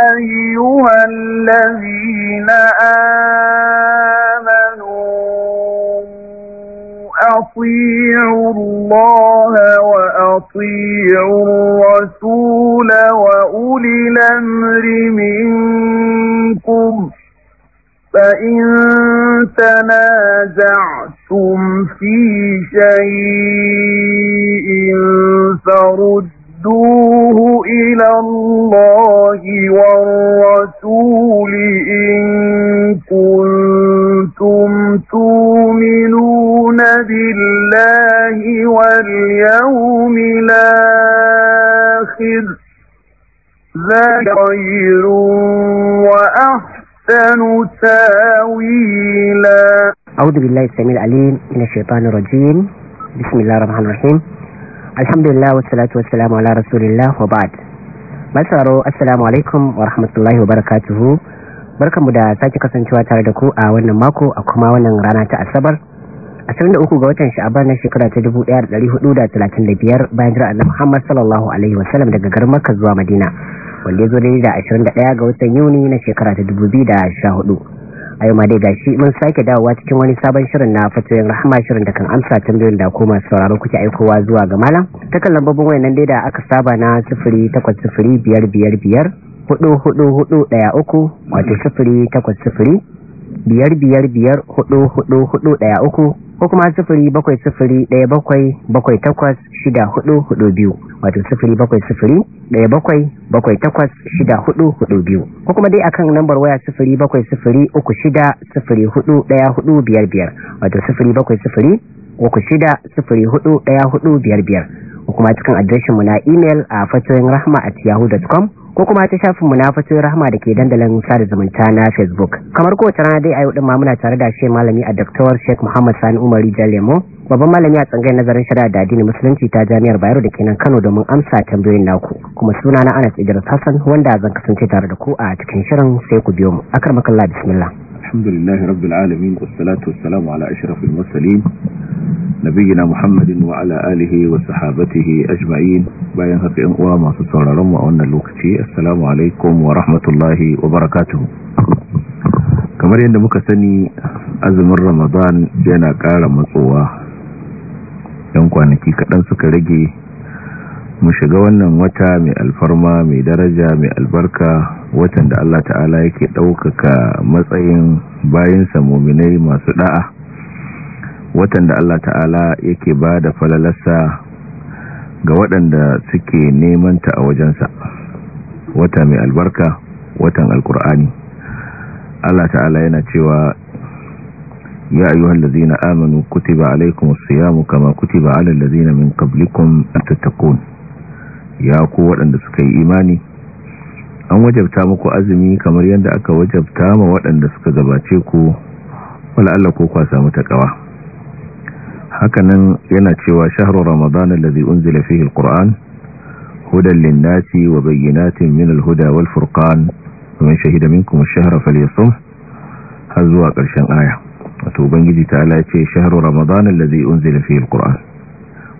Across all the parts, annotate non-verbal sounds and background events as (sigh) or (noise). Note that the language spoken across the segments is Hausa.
أيها الذين آمنوا أطيعوا الله وأطيعوا الرسول وأولي الأمر منكم فإن تنازعتم في شيء فرد ردوه إِلَى اللَّهِ وَالرَّسُولِ إِن كُنتُمْ تُؤْمِنُونَ بِاللَّهِ وَالْيَوْمِ الْآخِرِ ذَلِكَ خَيْرٌ وَأَحْسَنُ تَأْوِيلًا أعوذ بالله السميع العليم من الشيطان الرجيم بسم الله الرحمن الرحيم alhamdulillah wassalatu wassalamu ala rasulillah wa ba'd masaro assalamu alaikum wa rahmatullahi wa barakatuhu barkamu da sake kasancewa tare da ku a wannan mako a kuma wannan rana ta asabar 23 ga watan sha'aban na shekara ta 1435 bayan jira'ar na Muhammad sallallahu alaihi wasallam daga garin Makka zuwa Madina wanda ya zo da 21 ga watan Yuni na shekara ta 2014 a yau ma dai shi mun sake dawowa cikin wani sabon shirin na fatoyin rahama shirin da kan amsa tambayoyin da kuma sauraron sauraro kuke aikowa zuwa ga malam Takan lambobin lambobin wayannan dai da aka saba na sifiri takwas sifiri biyar biyar biyar wato sifiri takwas sifiri ko kuma sifiri bakwai sifiri ɗaya bakwai bakwai takwas shida hudu hudu biyu wato sifiri bakwai sifiri ɗaya bakwai bakwai takwas shida hudu hudu biyu ko kuma dai akan lambar waya sifiri bakwai sifiri uku shida sifiri hudu ɗaya hudu biyar biyar wato sifiri bakwai sifiri uku shida sifiri hudu ɗaya hudu biyar biyar ko kuma cikin mu na email a fatoyin rahama at yahoo.com ko kuma ta mu na fatoyin rahama da ke dandalin sada zumunta na facebook kamar kowace rana dai a yau ɗin ma tare da shi malami a daktawar sheik muhammad sani umaru jalemo babban malami a tsangayar nazarin shari'a da addinin musulunci ta jami'ar bayero da kenan kano domin amsa tambayoyin naku kuma suna na anas idris hassan wanda zan kasance tare da ku a cikin shirin sai ku biyo mu akar makalla bismillah alhamdulillahi rabbil alamin wassalatu wassalamu ala ashrafil mursalin nabiyina muhammadin wa ala alihi wa sahabatihi ajma'in bayan haka yan uwa masu sauraron mu a wannan lokaci assalamu alaikum wa rahmatullahi wa barakatuh kamar yadda muka sani azumin ramadan yana ƙara matsowa yan kwanaki kaɗan suka rage mu shiga wannan wata mai alfarma mai daraja mai albarka watan da Allah ta'ala yake ɗaukaka matsayin bayan samominai masu ɗa'a watan da Allah ta'ala yake ba da falalarsa ga waɗanda suke nemanta a wajensa wata mai albarka watan alkur'ani Allah ta'ala yana cewa ya ayyuhal ladzina amanu kutiba alaikumus siyamu kama kutiba alal ladzina min qablikum tattaqun ya ku waɗanda suka yi imani an wajabta muku azumi kamar yadda aka wajabta ma waɗanda suka gabace ku wala Allah ko kwa samu takawa hakanan yana cewa shahru ramadan allazi unzila fihi alquran hudan lin-nasi wa bayyinatin min al-huda wal-furqan man shahida minkum ash-shahra falyasum har zuwa ƙarshen aya wato ubangiji ta ala ce shahru ramadan allazi unzila fihi alquran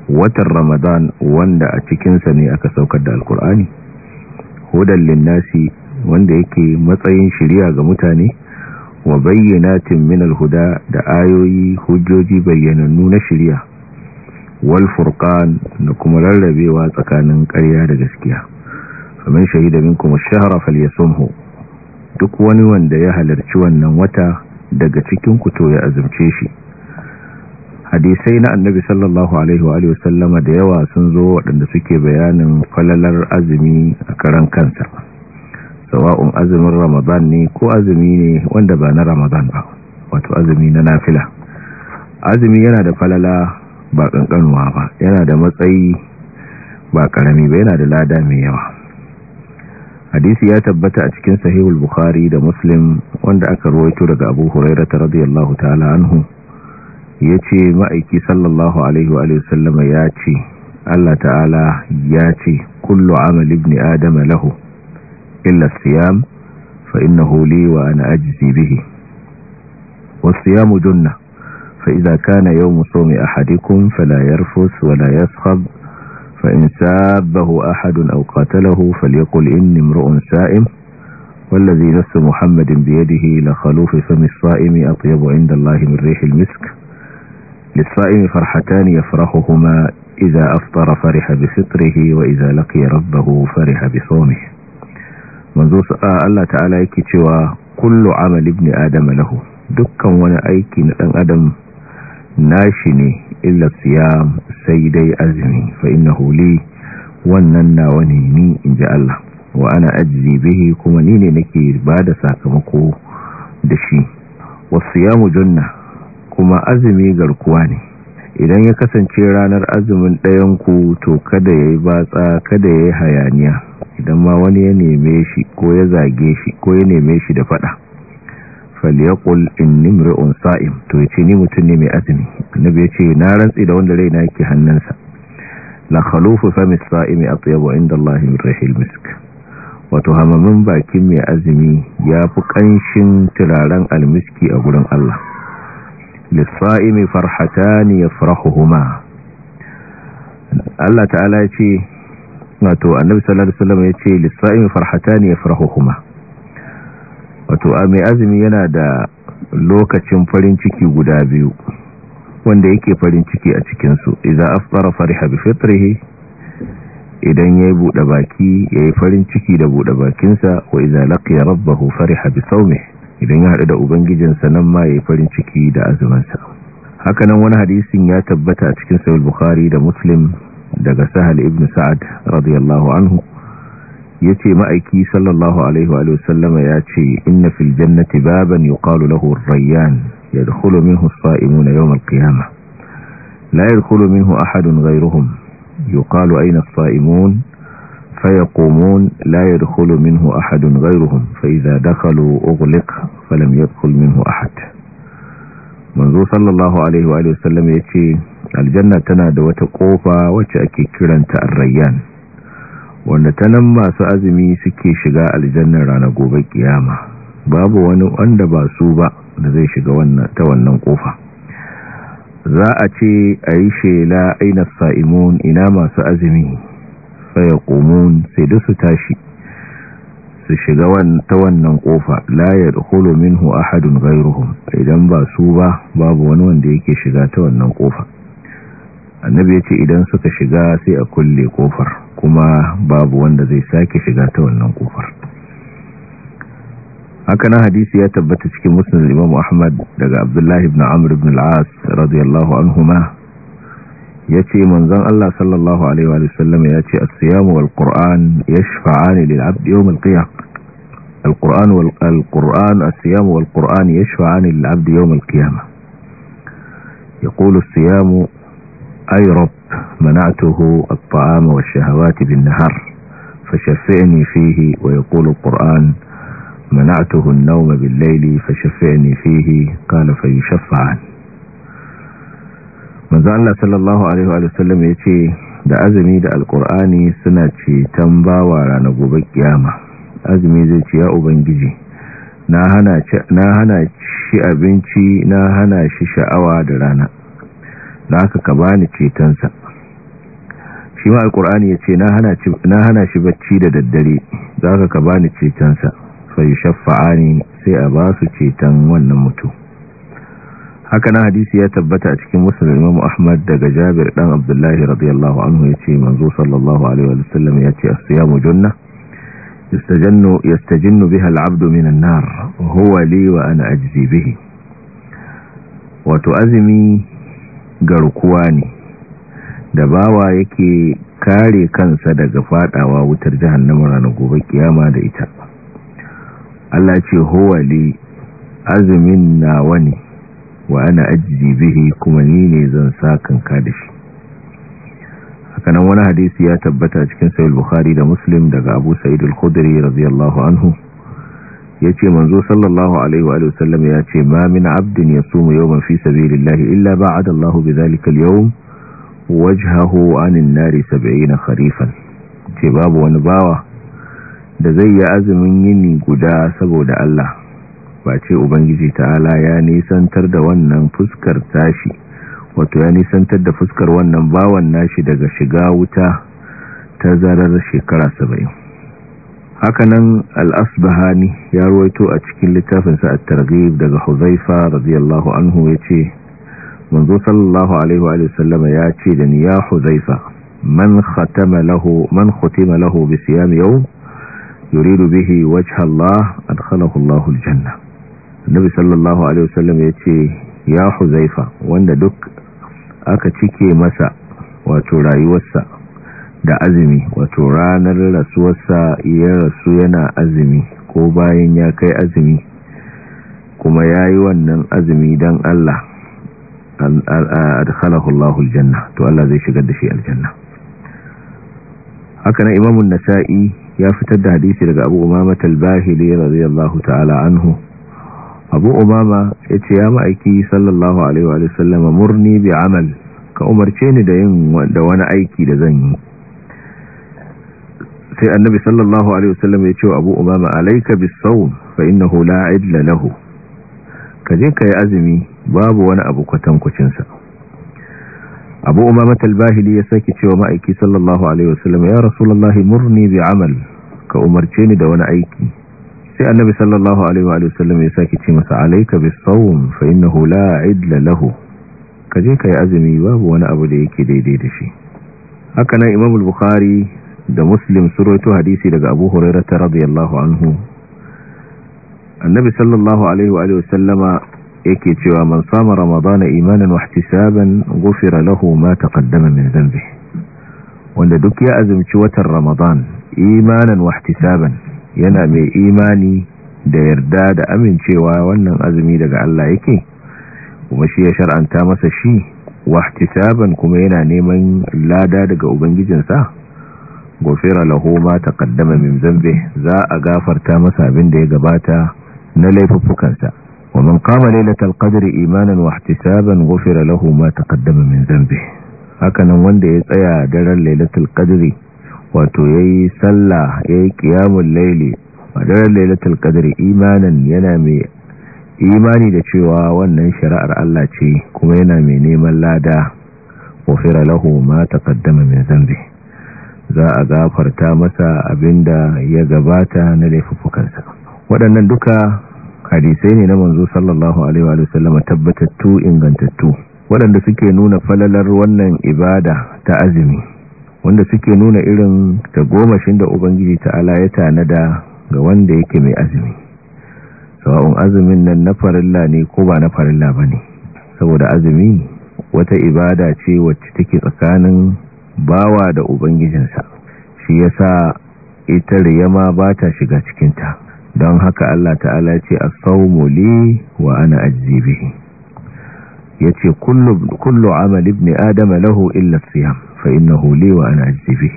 watan ramadan wanda a cikin sa ne aka saukar da alqurani hudan lin-nasi wanda yake matsayin shiriya ga mutane wa bayyanatin min huda da ayoyi hujjoji bayyanannu na shirya, wal furqan da kuma rarrabewa tsakanin ƙarya da gaskiya faman shahida minkum ash-shahra falyasumhu duk wani wanda ya halarci wannan wata daga cikin ku to ya azumce shi hadisai na annabi sallallahu alaihi wa sallama da yawa sun zo waɗanda suke bayanin falalar azumi a karan kansa sawa'un azumin ramadan ne ko azumi ne wanda ba na ramadan ba wato azumi na nafila azumi yana da falala ba kankanuwa ba yana da matsayi ba ƙarami ba yana da lada mai yawa hadisi ya tabbata a cikin sahihul bukhari da muslim wanda aka ruwaito daga abu hurairata radiyallahu ta'ala anhu ya ce ma'aiki sallallahu alaihi wa sallama ya ce allah ta'ala ya ce kullu amal ibn adama lahu إلا الصيام فإنه لي وأنا أجزي به والصيام جنة فإذا كان يوم صوم أحدكم فلا يرفث ولا يسخب فإن سابه أحد أو قاتله فليقل إني امرؤ سائم والذي نفس محمد بيده لخلوف فم الصائم أطيب عند الله من ريح المسك للصائم فرحتان يفرحهما إذا أفطر فرح بفطره وإذا لقي ربه فرح بصومه manzo Allah ta'ala yake cewa kullu amali ibn adam lahu dukkan wani aiki na dan adam nashi ne illa siyam sai dai azumi fa innahu li wannan nawa ne ni inji Allah wa ana ajzi bihi kuma ni ne nake bada sakamako da shi wasu ya janna kuma azumi garkuwa ne idan ya kasance ranar azumin ku to kada ya yi batsa kada ya yi hayaniya idan ma wani ya neme shi ko ya zage shi ko ya neme shi da faɗa in inni un sa'im to ya ce ni mutum ne mai azumi annabi ce na rantsi da wanda raina yake hannunsa la khalufu fami sa'imi atyabu inda Allah min rihil misk wato hamamin bakin mai azumi ya fi ƙanshin turaren almiski a gurin Allah lissa'imi farhatani yafrahuhuma Allah ta'ala ya ce wato annabi sallallahu alaihi wasallam ya ce lissa'imi farhatani yafrahuhuma wato mai azumi yana da lokacin farin ciki guda biyu wanda yake farin ciki a cikin su a afṭara fariha bi fitrihi idan yayi buɗe baki yayi farin ciki da buɗe bakinsa wa idza laqiya rabbahu fariha sau sawmihi idan ya haɗu da ubangijinsa nan ma ya farin ciki da azumansa hakanan wani hadisin ya tabbata a cikin sahih bukhari da muslim daga sahal ibn sa'ad radiyallahu anhu yace ma'aiki sallallahu alaihi wa sallama yace inna fil jannati baban yuqalu lahu ar-rayyan yadkhulu minhu as-sa'imuna yawm al-qiyamah la yadkhulu minhu ahadun ghayruhum yuqalu ayna as-sa'imun فيقومون لا يدخل منه أحد غيرهم فإذا دخلوا أغلق فلم يدخل منه أحد منذ صلى الله عليه وآله وسلم يتي الجنة تناد وتقوفا وتأكي كرانت الريان ونتنمى سأزمي سكي شقاء الجنة رانقوب القيامة باب ونو أندبا سوبا نزي شقاء تولن قوفا za a ce لا أين الصائمون aina sa'imun ina faya komon sai da su tashi su shiga ta wannan ƙofa layar holomin hu ahadun gairuhun idan ba su ba babu wani wanda yake shiga ta wannan kofa annabi ya ce idan suka shiga sai a kulle kofar kuma babu wanda zai sake shiga ta wannan kofar. haka na hadisi ya tabbata cikin musnad imam ahmad daga abdullahi ibn amr ibn al-as radiyallahu anhuma ya ce manzon Allah sallallahu alaihi wa sallam ya ce as-siyamu wal qur'an yashfa'ani lil 'abdi yawm al-qiyam al-qur'an wal al-qur'an as-siyamu wal qur'an yashfa'ani lil 'abdi yawm al-qiyamah yaqulu as-siyamu ay rabb منعته الطعام والشهوات بالنهار فشفعني فيه ويقول القرآن منعته النوم بالليل فشفعني فيه قال فيشفعني manzo Allah sallallahu alaihi wa sallam yace da azumi da alqur'ani suna ce tambawa ranar gobe kiyama azumi zai ce ya ubangiji na hana na hana shi abinci na hana shi sha'awa da rana da aka ka bani cetonsa shi ma alqur'ani yace na hana na hana shi bacci da daddare zaka ka bani cetonsa fa yashfa'ani sai a ba su ceton wannan mutum haka na hadisi ya tabbata a cikin musulun imamu ahmad daga jabir dan abdullahi radiyallahu anhu ya ce manzo sallallahu alaihi wa sallam ya ce asiyamu junna yastajannu yastajinnu biha al'abdu minan nar huwa li wa ana ajzi bihi wato azumi garkuwa ne da bawa yake kare kansa daga fadawa wutar jahannama ranar gobe kiyama da ita Allah ce huwa li azumin nawa ne wa ana ajiye bihi kuma ni ne zan sa kanka da shi hakanan wani hadisi ya tabbata cikin sahih bukhari da muslim daga abu sa'id al-khudri radiyallahu anhu yace manzo sallallahu alaihi wa sallam yace ma min abdin yasumu yawman fi sabilillahi illa ba'ada Allahu bidhalika al-yawm wajhahu 'anil nari 70 kharifan ce babu wani bawa da zai yi azumin yini guda saboda Allah face ubangiji ta'ala ya nisantar da wannan fuskar tashi wato ya nisantar da fuskar wannan bawan nashi daga shiga wuta ta zarar shekara saba'in hakanan al'asbahani ya ruwaito a cikin littafinsa a targhib daga huzaifa radiyallahu anhu ya ce manzo sallallahu alaihi wa sallama ya ce da ni ya huzaifa man khatama lahu man khutima lahu bi siyam yawm yuridu bihi wajha Allah adkhalahu Allahu aljanna annabi sallallahu alaihi wasallam ya ce ya huzaifa wanda duk aka cike masa wato rayuwarsa da azumi wato ranar rasuwarsa ya rasu yana azumi ko bayan ya kai azumi kuma ya yi wannan azumi don Allah adhalahullahu aljanna to Allah zai shigar da shi aljanna haka na imamun nasa'i ya fitar da hadisi daga abu umamat al-bahili radiyallahu ta'ala anhu abu umama ya ce ya ma'aiki sallallahu alaihi wa sallama murni bi amal ka umarce ni da yin da wani aiki da zan yi sai annabi sallallahu alaihi wa sallam ya ce abu umama alaika bis sawm fa innahu la idla lahu ka je yi azumi babu wani abu kwatankwacin sa abu umama talbahili ya saki cewa ma'aiki sallallahu alaihi wa sallam ya rasulullahi murni bi amal ka umarce ni da wani aiki sai annabi sallallahu alaihi wa sallam ya saki ce masa alayka bis-sawm fa innahu la idla lahu kaje kai azumi babu wani abu da yake daidai da shi haka nan bukhari da muslim surwaito hadisi daga abu hurairah radiyallahu anhu annabi sallallahu alaihi wa sallama yake cewa man sama ramadana imanan wa ihtisaban ghufira lahu ma taqaddama min dhanbihi wanda duk ya azumci watan ramadan imanan wa ihtisaban yana mai imani da yarda da amincewa wannan azumi daga Allah yake kuma shi ya shar'anta masa shi wahtisaban kuma yana neman lada daga ubangijinsa gofera lahu ma taqaddama min zambi za a gafarta masa abin da ya gabata na laifuffukansa wa man qama lailatal qadri imanan wahtisaban gofera lahu ma taqaddama min zambe hakanan wanda ya tsaya daren lailatul qadri wato ya yayi sallah yi ƙiyamun laili, a daren lailatul qadri imanin yana mai imani da cewa wannan shari'ar Allah ce kuma yana mai neman lada wafira lahu ma kaddama mai zambi za a gafarta masa abinda ya gabata na laifukansa waɗannan duka hadisai ne na manzo sallallahu alaihi wa sallam tabbatattu ingantattu waɗanda suke nuna falalar wannan ibada ta azumi wanda suke nuna irin ta shi da ubangiji ta ta'ala ya tanada ga wanda yake mai azumi sawa'un azumin nan na farilla ne ko ba na farilla ba ne saboda azumi wata ibada ce wacce take tsakanin bawa da ubangijinsa shi ya sa ita riyama ba ta shiga cikinta don haka Allah ta'ala ya ce a sawmu wa ana ajzi Ya ce kullu kullu ne ibn lahu illa siyam fa innahu li wa ana ajzibi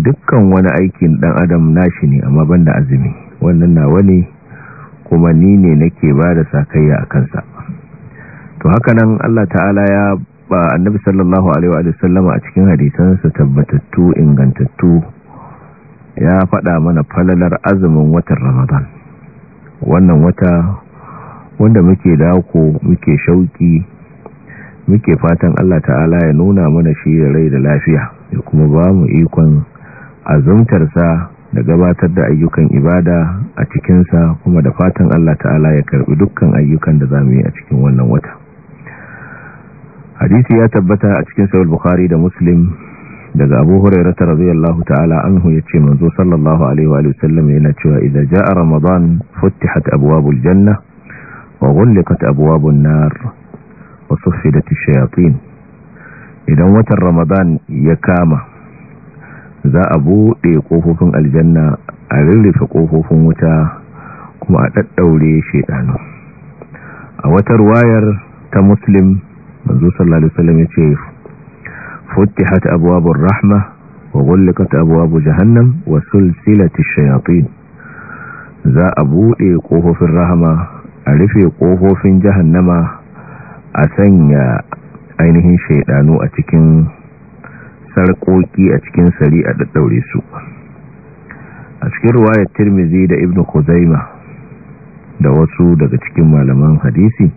dukkan wani aikin dan adam nashi ne amma banda azumi wannan na wani kuma ni ne nake ba da sakayya a kansa to haka nan Allah ta'ala ya ba annabi sallallahu alaihi wa sallama a cikin hadisansa tabbatattu ingantattu ya faɗa mana falalar azumin watan Ramadan wannan wata wanda muke dako muke shauki muke fatan Allah ta'ala ya nuna mana shi da rai da lafiya ya kuma ba mu ikon azumtarsa da gabatar da ayyukan ibada a cikinsa kuma da fatan Allah ta'ala ya karbi dukkan ayyukan da za mu yi a cikin wannan wata hadisi ya tabbata a cikin sahih bukhari da muslim daga abu hurairah radiyallahu ta'ala anhu ce manzo sallallahu alaihi wa sallam yana cewa idza jaa ramadan futihat abwabul janna wa ghulqat abwabun nar wasu fidati shayatun idan watan ramadan ya kama za a buɗe ƙofofin aljanna a rirrife ƙofofin wuta kuma a ɗaɗɗaure shaidanu a watar wayar ta muslim manzo sallallahu alaihi wasallam ya ce futihat abwabur rahma wa ghulqat abwabu jahannam wa silsilati shayatin za a buɗe ƙofofin rahama a rufe ƙofofin jahannama a sanya ainihin shaidanu a cikin sarƙoƙi a cikin sari a daddaure su a cikin ruwayar tirmizi da ibn kuzaima da wasu daga cikin malaman hadisi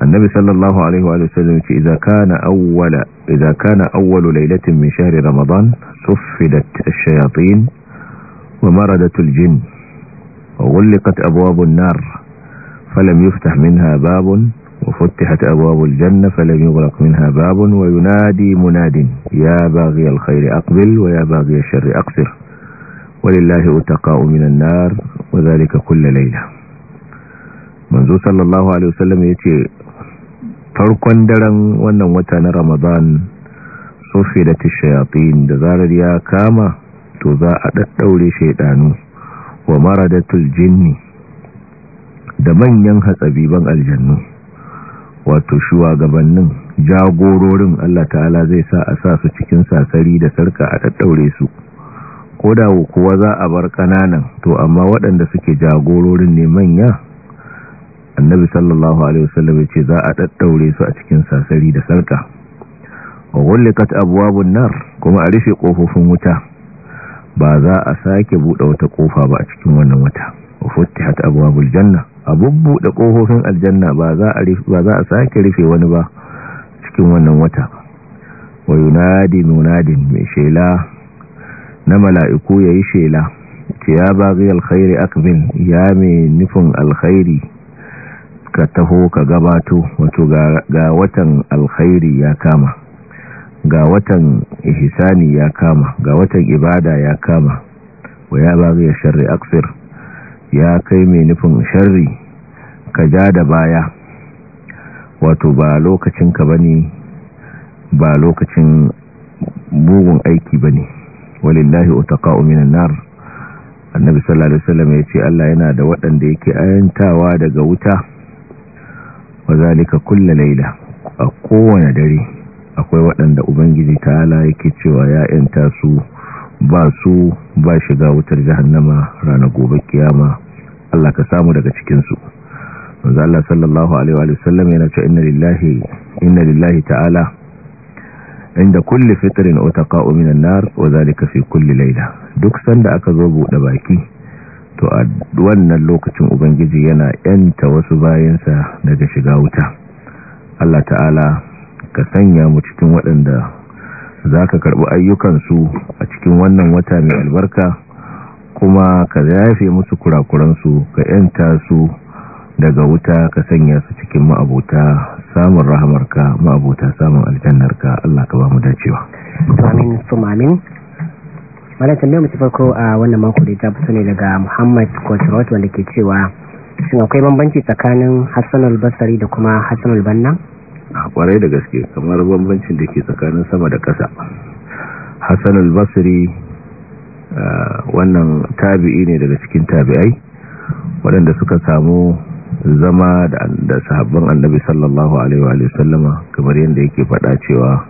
annabi sallallahu alaihi wa sallam ce idza kana awwala idza kana awwalu lailatin min shahri ramadan suffidat ash-shayatin wa maradat al-jinn wa ghulqat abwab an-nar falam yuftah minha babun وفتحت أبواب الجنة فلم يغلق منها باب وينادي مناد يا باغي الخير أقبل ويا باغي الشر أقصر ولله أتقاء من النار وذلك كل ليلة منذ صلى الله عليه وسلم يتي farkon daren wannan wata na ramadan sofi da tishayatin da zarar ya kama to za a daddaure shaidanu wa maradatul jinni da manyan hatsabiban aljannu wato shugabannin jagororin Allah ta'ala zai sa a sa su cikin sasari da sarka a tattaure su ko da kuwa za a bar kananan to amma waɗanda suke jagororin ne manya annabi sallallahu alaihi wasallam ya ce za a tattaure su a cikin sasari da sarka wa gullikat abwabun nar kuma a rufe kofofin wuta ba za a sake buɗe wata kofa ba a cikin wannan wata wa futtihat abwabul janna a bubbuɗe kohofin aljanna ba za a sake rufe wani ba cikin wannan wata wa yunadi munadin mai shela na mala'iku ya yi shela ce ya bagi alkhairi akbin ya mai nufin alkhairi ka taho ka gabato wato ga watan alkhairi ya kama ga watan ihsani ya kama ga watan ibada ya kama wa ya bagi ya sharri aksir ya kai mai nufin sharri ka ja da baya wato ba lokacin ka bane ba lokacin bugun aiki bane walillahi utaqa'u minan nar annabi sallallahu alaihi wasallam yace Allah yana da waɗanda yake ayantawa daga wuta wazalika kullu Laila. a kowane dare akwai waɗanda ubangiji ta ta'ala yake cewa ya yanta su ba su ba shiga wutar jahannama ranar gobe kiyama Allah ka samu daga cikinsu manzo Allah sallallahu alaihi wa sallam yana cewa inna lillahi inna lillahi ta'ala inda kulli fitrin utaqa'u minan nar wa zalika fi kulli layla duk sanda aka zo bude baki to a wannan lokacin ubangiji yana yanta wasu bayansa daga shiga wuta Allah ta'ala ka sanya mu cikin waɗanda zaka karɓi ayyukansu a cikin wannan wata mai albarka kuma ka yafe musu kurakuransu ka yanta su daga wuta ka sanya su cikin ma'abota samun rahamarka ma'abota samun aljannarka Allah ka ba mu dacewa amin suma amin wannan tambayar mutu farko a wannan mako da ta fito ne daga Muhammad Kotrot wanda ke cewa shin akwai bambanci tsakanin Hassan al-Basri da kuma Hassan al-Banna a kwarai da gaske kamar bambancin da ke tsakanin sama da ƙasa Hassan al-Basri Ah, wannan tabi'i ne daga cikin tabi'ai waɗanda suka samu zama da sahabban annabi sallallahu alaihi wa sallama kamar yadda yake faɗa cewa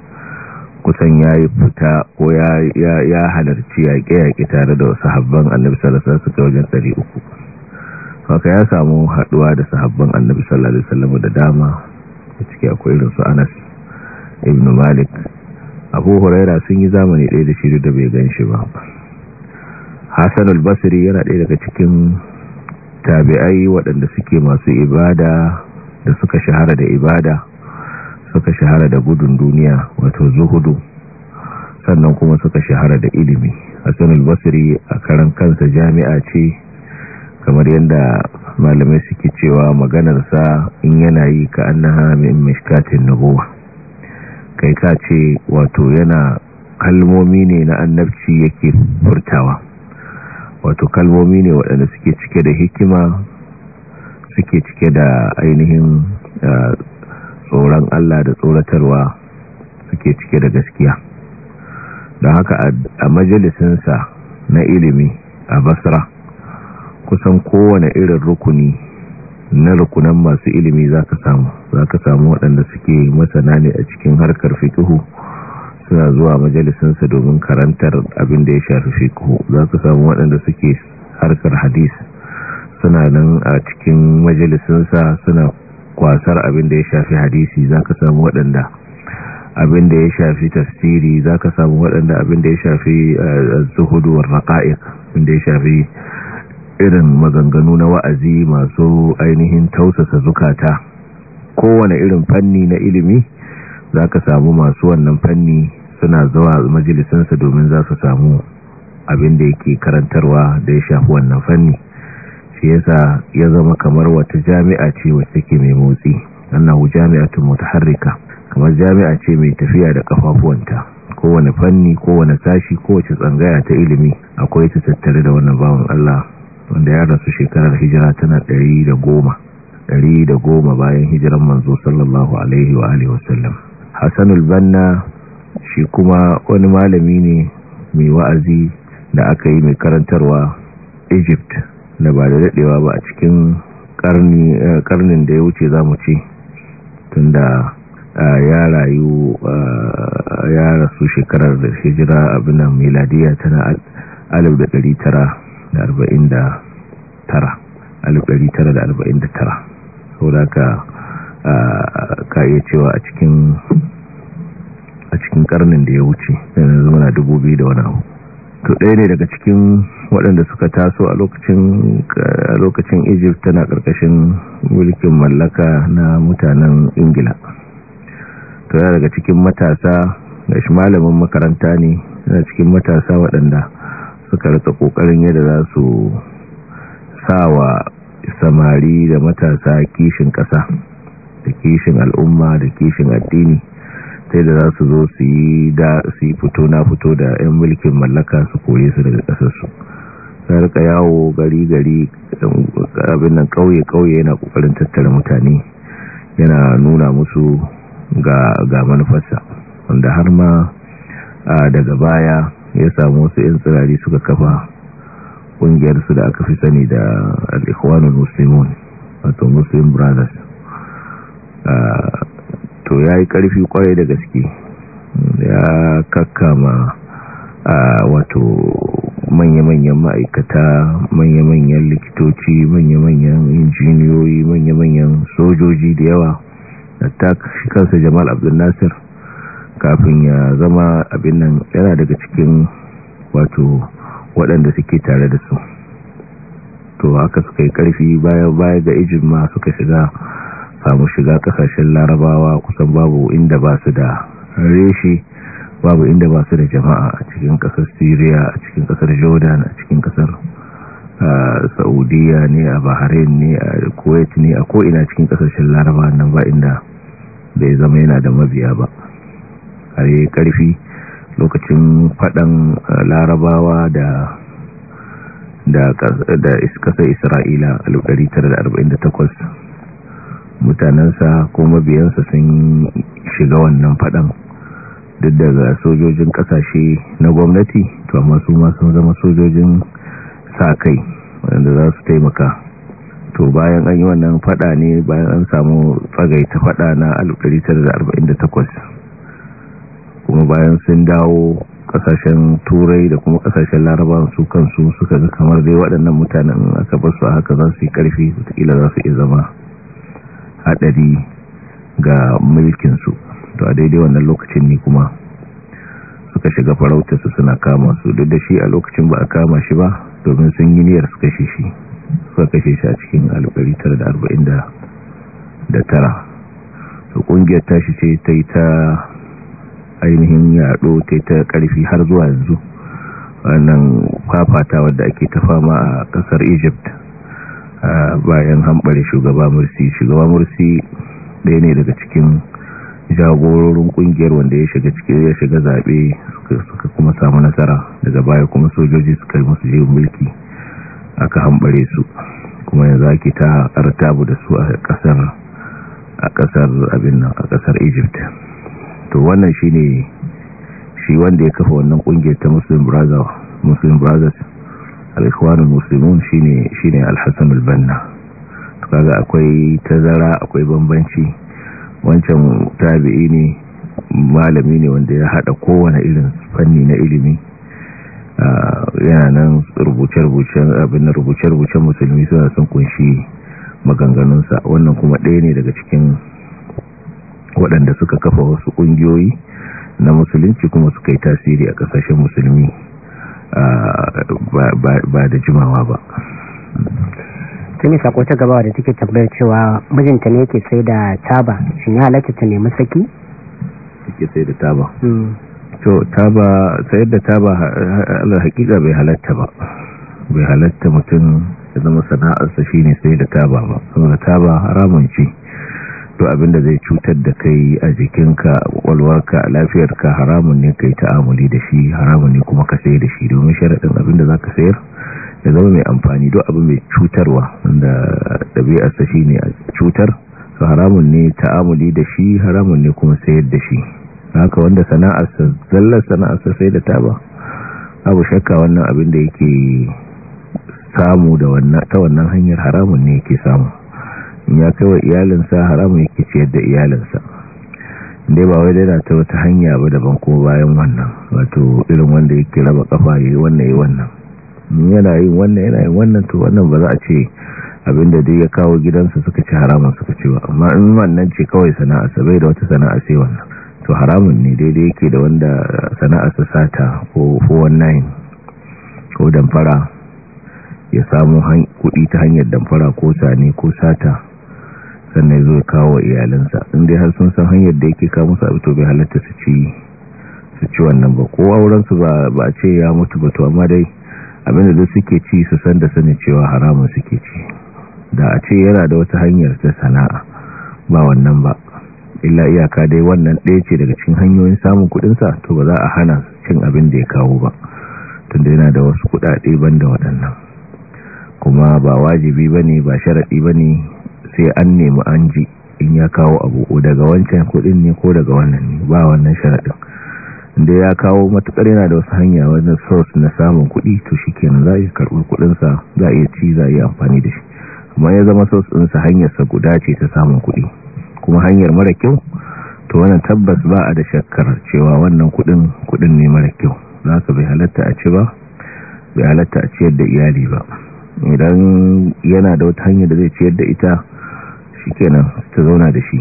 kusan ya yi fita ko ya halarci yaƙe-yaƙe tare da sahabban annabi sallallahu alaihi wa wajen uku, haka ya samu haɗuwa da sahabban annabi sallallahu alaihi da dama a ciki akwai irin su Anas ibn Malik Abu Huraira sun yi zamani ɗaya da shi da bai gan shi ba hassan albasiri yana ɗaya daga cikin tabi'ai waɗanda suke masu ibada da suka shahara da ibada suka shahara da gudun duniya wato zuhudu sannan kuma suka shahara da ilimi hassan albasiri a karan kansa jami'a ce kamar yadda malamai suke cewa maganarsa in yana yi ka annaha min mishkatin nabuwa kai ka ce wato yana kalmomi ne na annabci yake furtawa wato kalmomi ne waɗanda suke cike da hikima suke cike da ainihin eh, tsoron Allah da tsoratarwa suke cike da gaskiya don haka a majalisinsa na ilimi a basra kusan kowane irin rukuni na rukunan masu ilimi za ka samu za ka samu waɗanda suke masana ne a cikin harkar fikihu suna zuwa majalisinsa domin karantar abin da ya shafi fiqh za ka samu waɗanda suke harkar hadis suna nan a cikin majalisinsa suna kwasar abin da ya shafi hadisi za ka samu waɗanda abin da ya shafi tasiri za ka samu waɗanda abin da ya shafi eh, zuhuduwar raƙa'iƙ abin da ya shafi irin maganganu na wa'azi masu ainihin tausasa zukata kowane irin fanni na ilimi za ka samu masu wannan fanni suna zuwa majalisansa domin za su samu abin da yake karantarwa da ya shafi wannan fanni shi yasa ya zama kamar wata jami'a ce wacce ke mai motsi annahu jami'atun mutaharrika kamar jami'a ce mai tafiya da kafafuwanta kowane fanni kowane sashi kowace tsangaya ta ilimi akwai ta tattare da wannan bawan Allah wanda ya rasu shekarar hijira tana ɗari da goma ɗari da goma bayan hijiran manzo sallallahu alaihi wa alihi wasallam hassanul banna shi kuma wani malami ne mai wa'azi da aka yi mai karantarwa egypt da ba da daɗewa ba a cikin karnin eh, da ya wuce za mu ce tun da eh, ya rayu eh, ya rasu shekarar da hijira abinan miladiya tana 1949 sauraka ka iya cewa a cikin a cikin karnin da ya wuce yanzu muna dubu biyu da wani abu to ɗaya ne daga cikin waɗanda suka taso a lokacin egypt tana ƙarƙashin mulkin mallaka na mutanen ingila to yana daga cikin matasa da shi malamin makaranta ne yana cikin matasa waɗanda suka rika ƙoƙarin yadda za su sawa samari da matasa kishin ƙasa da kishin al'umma da kishin addini sai da za su zo su yi fito na fito da 'yan mulkin mallaka su koye su daga ƙasarsu ta rika yawo gari-gari abin nan ƙauye-ƙauye yana ƙoƙarin tattara mutane yana nuna musu ga manufarsa wanda har ma daga baya ya samu wasu 'yan tsirari suka kafa ƙungiyarsu da aka fi sani da al'ikwanul muslimun wato muslim brothers to ya yi ƙarfi kwarai da gaske ya kakkama a wato manya-manyan ma'aikata manya-manyan likitoci manya-manyan injiniyoyi manya-manyan sojoji da yawa da shi kansa jamal Abdul nasir kafin ya zama abin nan yana daga cikin wato waɗanda suke tare da su to haka suka yi ƙarfi baya-baya ga ijin ma suka shiga samu shiga kasashen larabawa kusan babu inda ba su da reshi babu inda ba su da jama'a a cikin kasar syria a cikin kasar jordan a cikin kasar saudiya ne a bahrain ne a kuwait ne a ko'ina cikin kasashen larabawa nan ba inda bai zama yana da mabiya ba A yi karfi lokacin fadan larabawa da da kasar isra'ila a 1948 mutanensa ko mabiyansa sun shiga wannan fadan duk daga sojojin kasashe na gwamnati to amma su sun zama sojojin sa kai wanda za su taimaka to bayan an yi wannan fada ne bayan an samu tsagaita fada na 1948 kuma bayan sun dawo kasashen turai da kuma kasashen larabawa su kansu suka ga kamar dai waɗannan mutanen aka basu a haka za su yi ƙarfi wataƙila za su iya zama haɗari ga mulkin su to a daidai wannan lokacin ne kuma suka shiga farautarsu suna kama su duk da shi a lokacin ba a kama shi ba domin sun yi niyyar suka kashe shi suka kashe shi a cikin 1949 su ƙungiyar tashi ce ta yi ta ainihin yaɗo ta yi ta ƙarfi har zuwa yanzu wannan kwafata wadda ake ta fama a ƙasar egypt bayan hamɓare shugaba mursi shugaba mursi ɗaya ne daga cikin jagororin ƙungiyar wanda ya shiga cikin ya shiga zaɓe suka kuma samu nasara daga baya kuma sojoji suka yi musu jirin mulki aka hambare su kuma yanzu ake ta artabu da su a ƙasar a abin nan a ƙasar egypt to wannan shi ne shi wanda ya kafa wannan ƙungiyar ta muslim muslim brothers al-ikhwanul muslimun shine shine al-hasan al-banna kaga akwai tazara akwai bambanci wancan tabi'i ne malami ne wanda ya hada kowane irin fanni na ilimi ah, yana nan rubuce-rubucen abin rubuce-rubucen musulmi suna sun kunshi maganganunsa wannan kuma ɗaya ne daga cikin waɗanda suka kafa wasu ƙungiyoyi na musulunci kuma suka yi tasiri a ƙasashen musulmi ba da jimawa ba tuni sako ta gaba da take tabbayar cewa mijinta ne yake sai da taba shi ya halatta ta nemi saki? yake sai da taba hmm. to taba sayar da taba ala hakika bai halatta ba bai halatta mutum ya zama sana'arsa ne sai da taba ba saboda taba haramun ce abin da zai cutar da kai a jikinka a kwakwalwarka a lafiyarka haramun ne kai ta'amuli da shi haramun ne kuma ka sayar da shi domin sharaɗin abin da za ka sayar da zama mai amfani duk abin mai cutarwa wanda ɗabi'arsa shi ne a cutar su haramun ne ta'amuli da shi haramun ne kuma sayar da shi haka wanda sana'arsa zallar sana'arsa sai da taba abu shakka wannan abin da yake samu da wannan ta wannan hanyar haramun ne yake samu ya kai wa iyalinsa haramun ke ciyar da iyalinsa dai ba wai dana ta wata hanya ba daban ko bayan wannan wato irin wanda yake raba kafa yi wannan yayi wannan yana yin wannan yana yin wannan to wannan ba za a ce abinda dai ya kawo gidansa suka ci haramun suka ce ba amma in wannan ce kawai sana'a sabai da wata sana'a sai wannan to haramun ne daidai yake da wanda sana'a sa sata ko 419 ko damfara ya samu kuɗi ta hanyar damfara ko sani ko sata sannan ya zo ya kawo iyalansa inda dai har sun san hanyar da yake kawo musu abito to bai halatta su ci wannan ba kowa aurensu ba ba ce ya mutu ba to amma dai abinda da suke ci su san da sani cewa haramun suke ci da a ce yana da wata hanyar ta sana'a ba wannan ba illa iyaka dai wannan ɗaya ce daga cikin hanyoyin samun kuɗinsa to ba za a hana cin abin da ya kawo ba tunda yana da wasu kuɗaɗe banda waɗannan kuma ba wajibi ba ne ba sharaɗi ba ne sai an nemi an ji in ya kawo abu daga wancan kudin ne ko daga wannan ne ba wannan sharaɗin inda ya kawo matukar yana da wasu hanya wajen source na samun kudi to shi kenan za a iya karɓar kudinsa za a iya ci za a iya amfani da shi amma ya zama source ɗinsa hanyarsa guda ce ta samun kudi kuma hanyar mara kyau to wannan tabbas ba a da shakkar cewa wannan kudin kudin ne mara kyau za ka bai halatta a ci ba bai halatta a ciyar da iyali ba idan yana da wata hanyar da zai ciyar da ita shikenan ta zauna da shi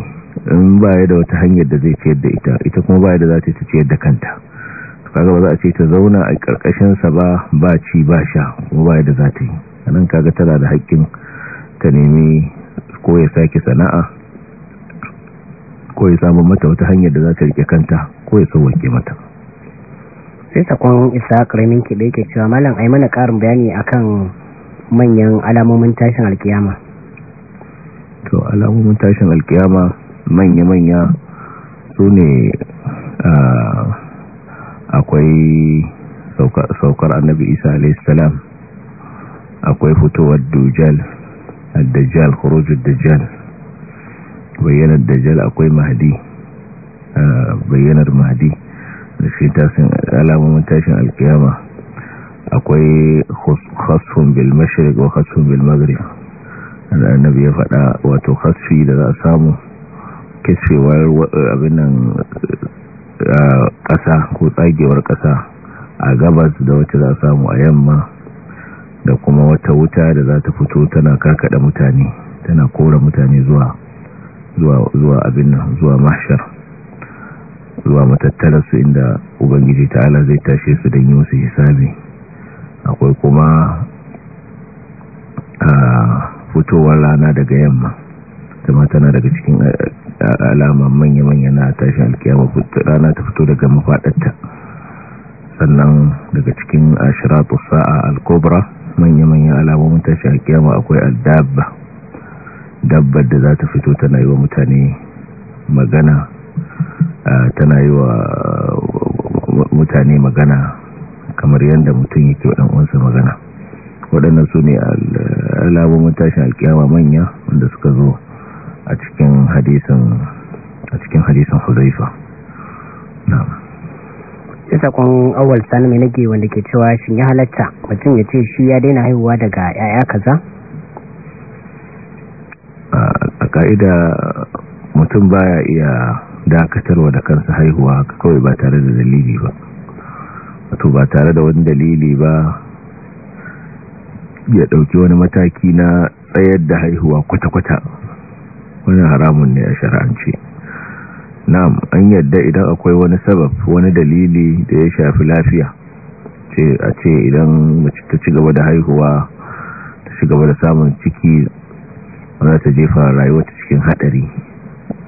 in baya da wata hanyar da zai ciyar da ita ita kuma baya da za ta ciyar da kanta kaga ba za a ce ta zauna a karkashin sa ba ba ci ba sha kuma baya da za ta yi anan kaga tana da haƙƙin ta nemi ko ya sake sana'a ko ya samu mata wata hanyar da za ta rike kanta ko ya sauwake mata sai sakon isa karamin ki da yake cewa malam ai mana karin bayani akan manyan alamomin tashin alkiyama to alamomin tashin alkiyama manya-manya su ne akwai saukar annabi isa alaihissalam akwai fitowar dujal dajal khurujud dajjal bayyanar dajjal akwai mahdi bayyanar mahdi da shi tasin alamomin tashin alkiyama akwai khasfun bilmashirik wa khasfun bil da annabi ya faɗa wato kasfi da za a samu kisfewar eh, abin nan eh, ƙasa ko tsagewar ƙasa a gabas da wacce za a samu a yamma da kuma wata wuta da za ta fito tana karkada mutane tana kora mutane zuwa zuwa abin nan zuwa mashar zuwa matattararsu inda ubangiji ta'ala zai tashe su don yi musu hisabi akwai kuma ah, fitowar rana daga yamma kuma tana daga cikin eh, eh, alama manya-manya na tashin alkiyama rana ta fito daga mafaɗarta sannan daga cikin ashiratu sa'a alkobra manya alama alamomin tashin alkiyama akwai aldabba dabbar da za ta fito tana yi wa mutane magana eh, tana yi wa mutane magana kamar yadda mutum yake waɗansa magana waɗannan su ne alamomin tashin alkiyama manya wanda suka zo a cikin hadisin a cikin hadisin sakon awal sani mai nage wanda ke cewa shi ya halatta mutum ya ce shi ya daina haihuwa daga yaya kaza a ka'ida mutum baya iya dakatarwa da kansa haihuwa kawai ba tare da dalili ba wato ba tare da wani dalili ba ya ɗauki wani mataki na tsayar da haihuwa kwata-kwata wani haramun ne a shara'ance na'am an yadda idan akwai wani sabab wani dalili da ya shafi lafiya ce a ce idan mace ta ci gaba da haihuwa ta ci gaba da samun ciki za ta jefa rayuwa ta cikin hadari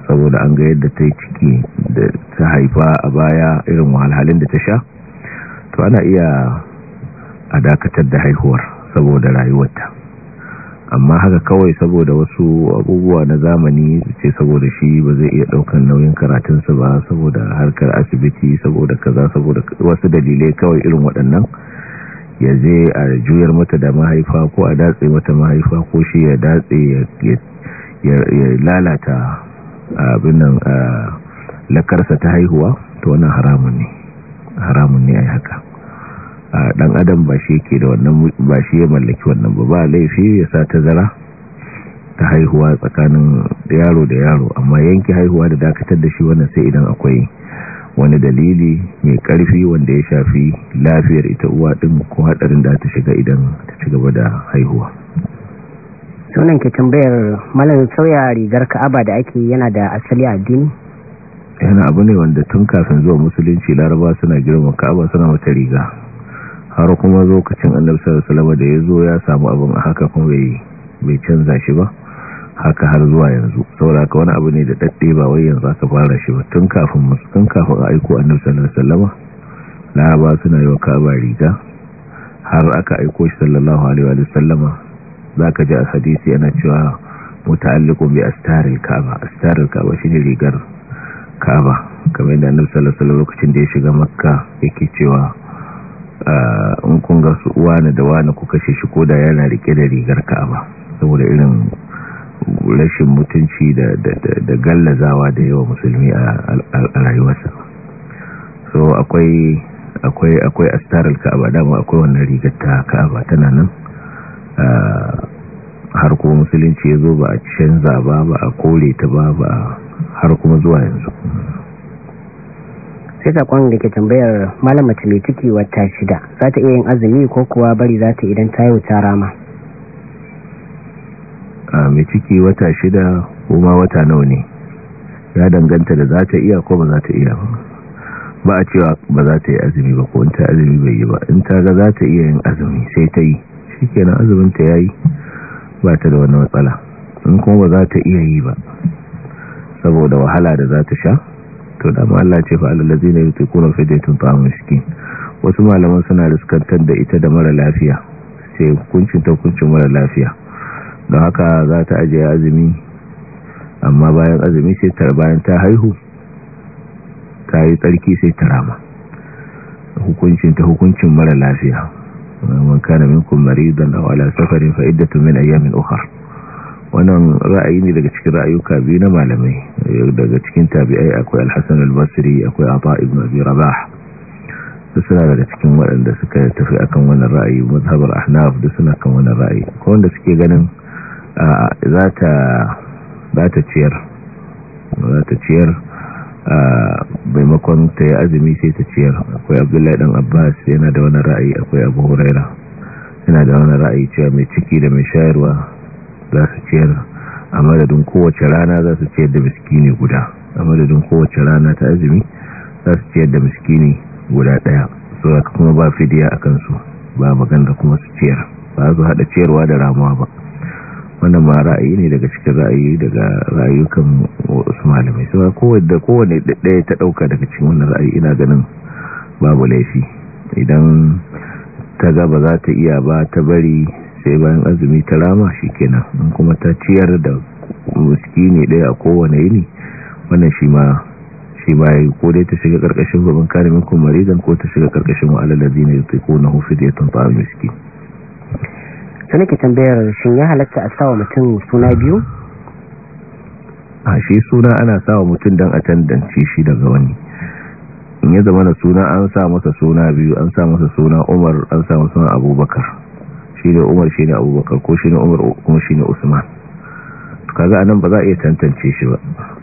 saboda an ga yadda ta yi ciki da ta haifa a baya irin wahalhalin da ta sha to ana iya a dakatar da haihuwar saboda rayuwarta amma haka kawai saboda wasu abubuwa na zamani ce saboda shi ba zai iya daukan nauyin karatunsa ba saboda harkar asibiti saboda kaza saboda wasu dalilai kawai irin waɗannan ya je a juyar mata da mahaifa ko a datse mata mahaifa ko shi ya datse ya lalata abin nan lakarsa ta haihuwa to wannan haramun ne haramun ne haka A dan adam ba shi yake da wannan ba shi ya mallaki wannan ba ba laifi ya sa ta zara ta haihuwa tsakanin yaro da yaro amma yanke haihuwa da dakatar da shi wannan sai idan akwai wani dalili mai karfi wanda ya shafi lafiyar ita uwa din ko hadarin da ta shiga idan ta ci gaba da haihuwa sunan ke tambayar malam sauya rigar ka'aba da ake yana da asali addini yana abu ne wanda tun kafin zuwa musulunci laraba suna girma ka'aba suna wata riga har kuma lokacin annabi sallallahu alaihi wasallam da ya samu abin a haka kuma bai bai canza shi ba haka har zuwa yanzu saboda wani abu ne da dadde ba wai yanzu aka fara shi ba tun kafin musu kafin a aiko annabi sallallahu alaihi wasallam laraba suna yi wa kaba riga har aka aiko shi sallallahu alaihi za zaka ji a hadisi yana cewa muta'alliqun bi astaril kaaba astaril kaaba shine rigar kaaba kamar yadda annabi sallallahu lokacin da ya shiga makka yake cewa Ah, in kun ga su wani da wani ku kashe shi ko da yana rike da rigar ka'aba saboda irin rashin mutunci da gallazawa da yawa musulmi a rayuwarsa so akwai akwai astaral ka'aba dama akwai wannan rigar ta ka'aba tana nan ah, har kuma musulunci ya zo ba a canza ba ba a kore ta ba ba har kuma zuwa yanzu sai sakon da ke tambayar malam mace mai ciki wata shida za ta iya yin azumi ko kuwa bari za ta idan ta yi wuta rama a mai ciki wata shida kuma wata nawa ne ya danganta da za ta iya ko ba za ta iya ba a cewa ba za ta yi azumi ba ko wanta azumi bai yi ba in ta ga za ta iya yin azumi sai ta yi shi kenan azumin ta ya yi ba ta da wani matsala in kuma ba za ta iya yi ba saboda wahala da za ta sha to da ma Allah ce fa alladheena yutiquna fidyatun ta'am miskin wasu malaman suna riskantar da ita da mara lafiya sai hukuncin ta hukuncin mara lafiya don haka za ta ajiye azumi amma bayan azumi sai ta bayan ta haihu ta yi tsarki sai ta rama hukuncin ta hukuncin mara lafiya man kana minkum maridan aw ala safarin fa iddatun min ayyamin ukhra wannan ra'ayi ne daga cikin ra'ayuka biyu na malamai daga cikin tabi'ai akwai al al-basri akwai Aba ibn abi rabah da suna daga cikin waɗanda suka tafi akan wannan ra'ayi mazhabar ahnaf da suna kan wannan ra'ayi ko wanda suke ganin za ta ciyar za ta ciyar maimakon ta yi azumi sai ta ciyar akwai abdullahi dan abbas yana da wani ra'ayi akwai abu huraira yana da wani ra'ayi cewa mai ciki da mai shayarwa za su ciyar a madadin kowace rana za su ciyar da miskini guda a madadin kowace rana ta azumi za su ciyar da miskini guda daya so kuma ba fidiya a kansu ba magana kuma su ciyar ba su hada ciyarwa da ramuwa ba wannan ba ra'ayi ne daga cikin ra'ayi daga ra'ayukan wasu malamai sai kowanne da kowanne ɗaya ta ɗauka daga cikin wannan ra'ayi ina ganin babu laifi idan ta ga ba za ta iya ba ta bari sai bayan azumi ta rama shi kenan in kuma ta ciyar da ne daya a kowane yini wannan shi ma shi ma ko dai ta shiga karkashin babban karimin kuma maridan ko ta shiga karkashin na ladina da ya fidyatun ta'am miskin ke tambayar ya halatta a sawa mutum suna biyu a shi suna ana sawa mutum don a tandance shi daga wani in ya zama da suna an sa masa suna biyu an sa masa suna umar an sa masa suna abubakar shine Umar shine Abubakar ko shine Umar kuma shine Usman kaza anan ba za a iya tantance shi ba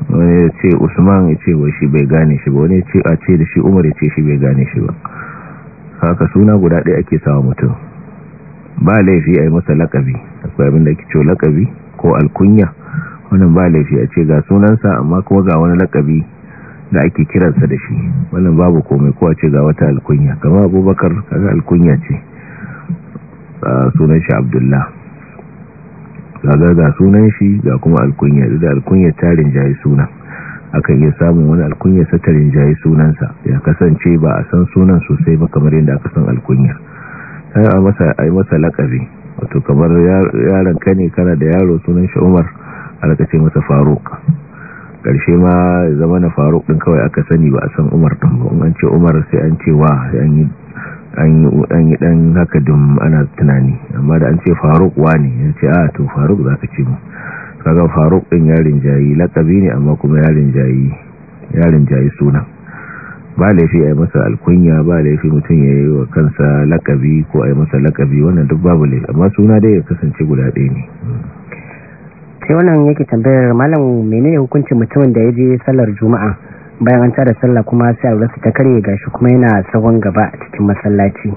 wani ya ce Usman ya ce wai shi bai gane shi ba wani ya ce a ce da shi Umar ya ce shi bai gane shi ba haka suna guda ɗaya ake sawa mutum ba laifi a yi masa lakabi akwai abin da ke ce lakabi ko alkunya wannan ba laifi a ce ga sunansa amma kuma ga wani lakabi da ake kiransa da shi wannan babu komai ko a ce ga wata alkunya kama abubakar kaza alkunya ce sunan shi abdullah kaga ga sunan shi ga kuma alkunya da alkunya tarin jayi sunan akan iya samun wani alkunya satarin jayi sunansa ya kasance ba a san sunan sosai ba kamar yadda aka san alkunya sai a masa a yi masa lakabi wato kamar yaron ka ne kana da yaro sunan shi umar alaka ce masa faruk karshe ma zama na faruk din kawai aka sani ba a san umar din ba an ce umar sai an ce wa an an yi dan haka dum ana tunani amma da an ce faruk ne? ya ce a ah, to faruk za ka ce mu kaga faruk din yarin jayi lakabi ne amma kuma yarin jayi yarin jayi suna ba laifi a yi masa alkunya ba laifi mutum ya yi wa kansa lakabi ko a yi masa lakabi wannan duk babu laifi amma suna dai ya kasance guda ɗaya ne sai wannan yake tambayar malam menene hukuncin mutumin da ya je sallar juma'a bayan an tada sallah kuma sai a alwala ta karye gashi kuma yana sahun gaba a cikin masallaci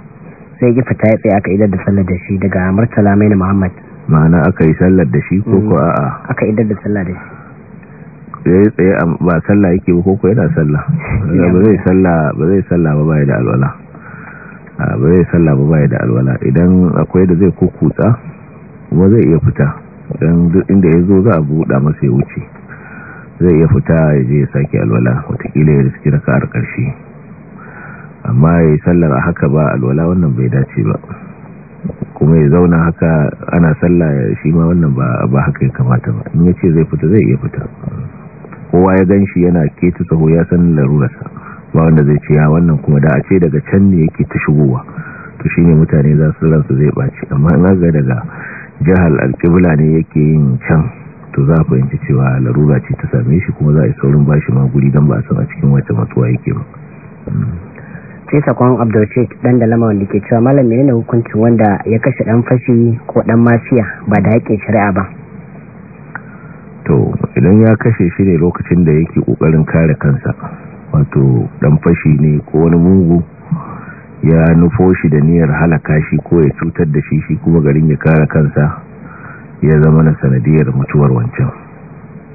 sai ya ta ya tsaya aka idar da sallar da shi daga murtala mai muhammad ma'ana aka yi sallar da shi ko ko mm. a'a aka idar da sallar da shi ya yi tsaye ba sallah yake ba koko yana (laughs) sallah ba zai sallah ba zai sallah ba bai da alwala ba zai sallah ba bai da alwala idan akwai da zai kukutsa kuma zai iya fita don duk inda ya zo za a buɗa masa ya wuce zai iya fita ya je ya sake alwala watakila ya riski raka a ƙarshe amma ya yi sallar a haka ba alwala wannan bai dace ba kuma ya zauna haka ana sallah shi ma wannan ba haka ya kamata ba in ya ce zai fita zai iya fita kowa ya gan shi yana keta saho ya san larurarsa ba wanda zai ce ya wannan kuma da a ce daga can ne yake ta shigowa to shi ne mutane za su ransu zai ɓaci amma ina ga daga jihar alƙibla ne yake yin can to za a fahimci cewa larura ce ta same shi kuma za a yi saurin ba shi maguri don ba a san a cikin wata matsuwa yake ba sai sakon abdulrashid dan da lama wanda ke cewa malam menene hukuncin wanda ya kashe dan fashi ko dan mafiya ba da yake shari'a ba to idan ya kashe shi ne lokacin da yake kokarin kare kansa wato dan fashi ne ko wani mugu ya nufo shi da niyyar halaka shi ko ya cutar da shi shi kuma garin ya kare kansa ya zama na sanadiyar mutuwar wancan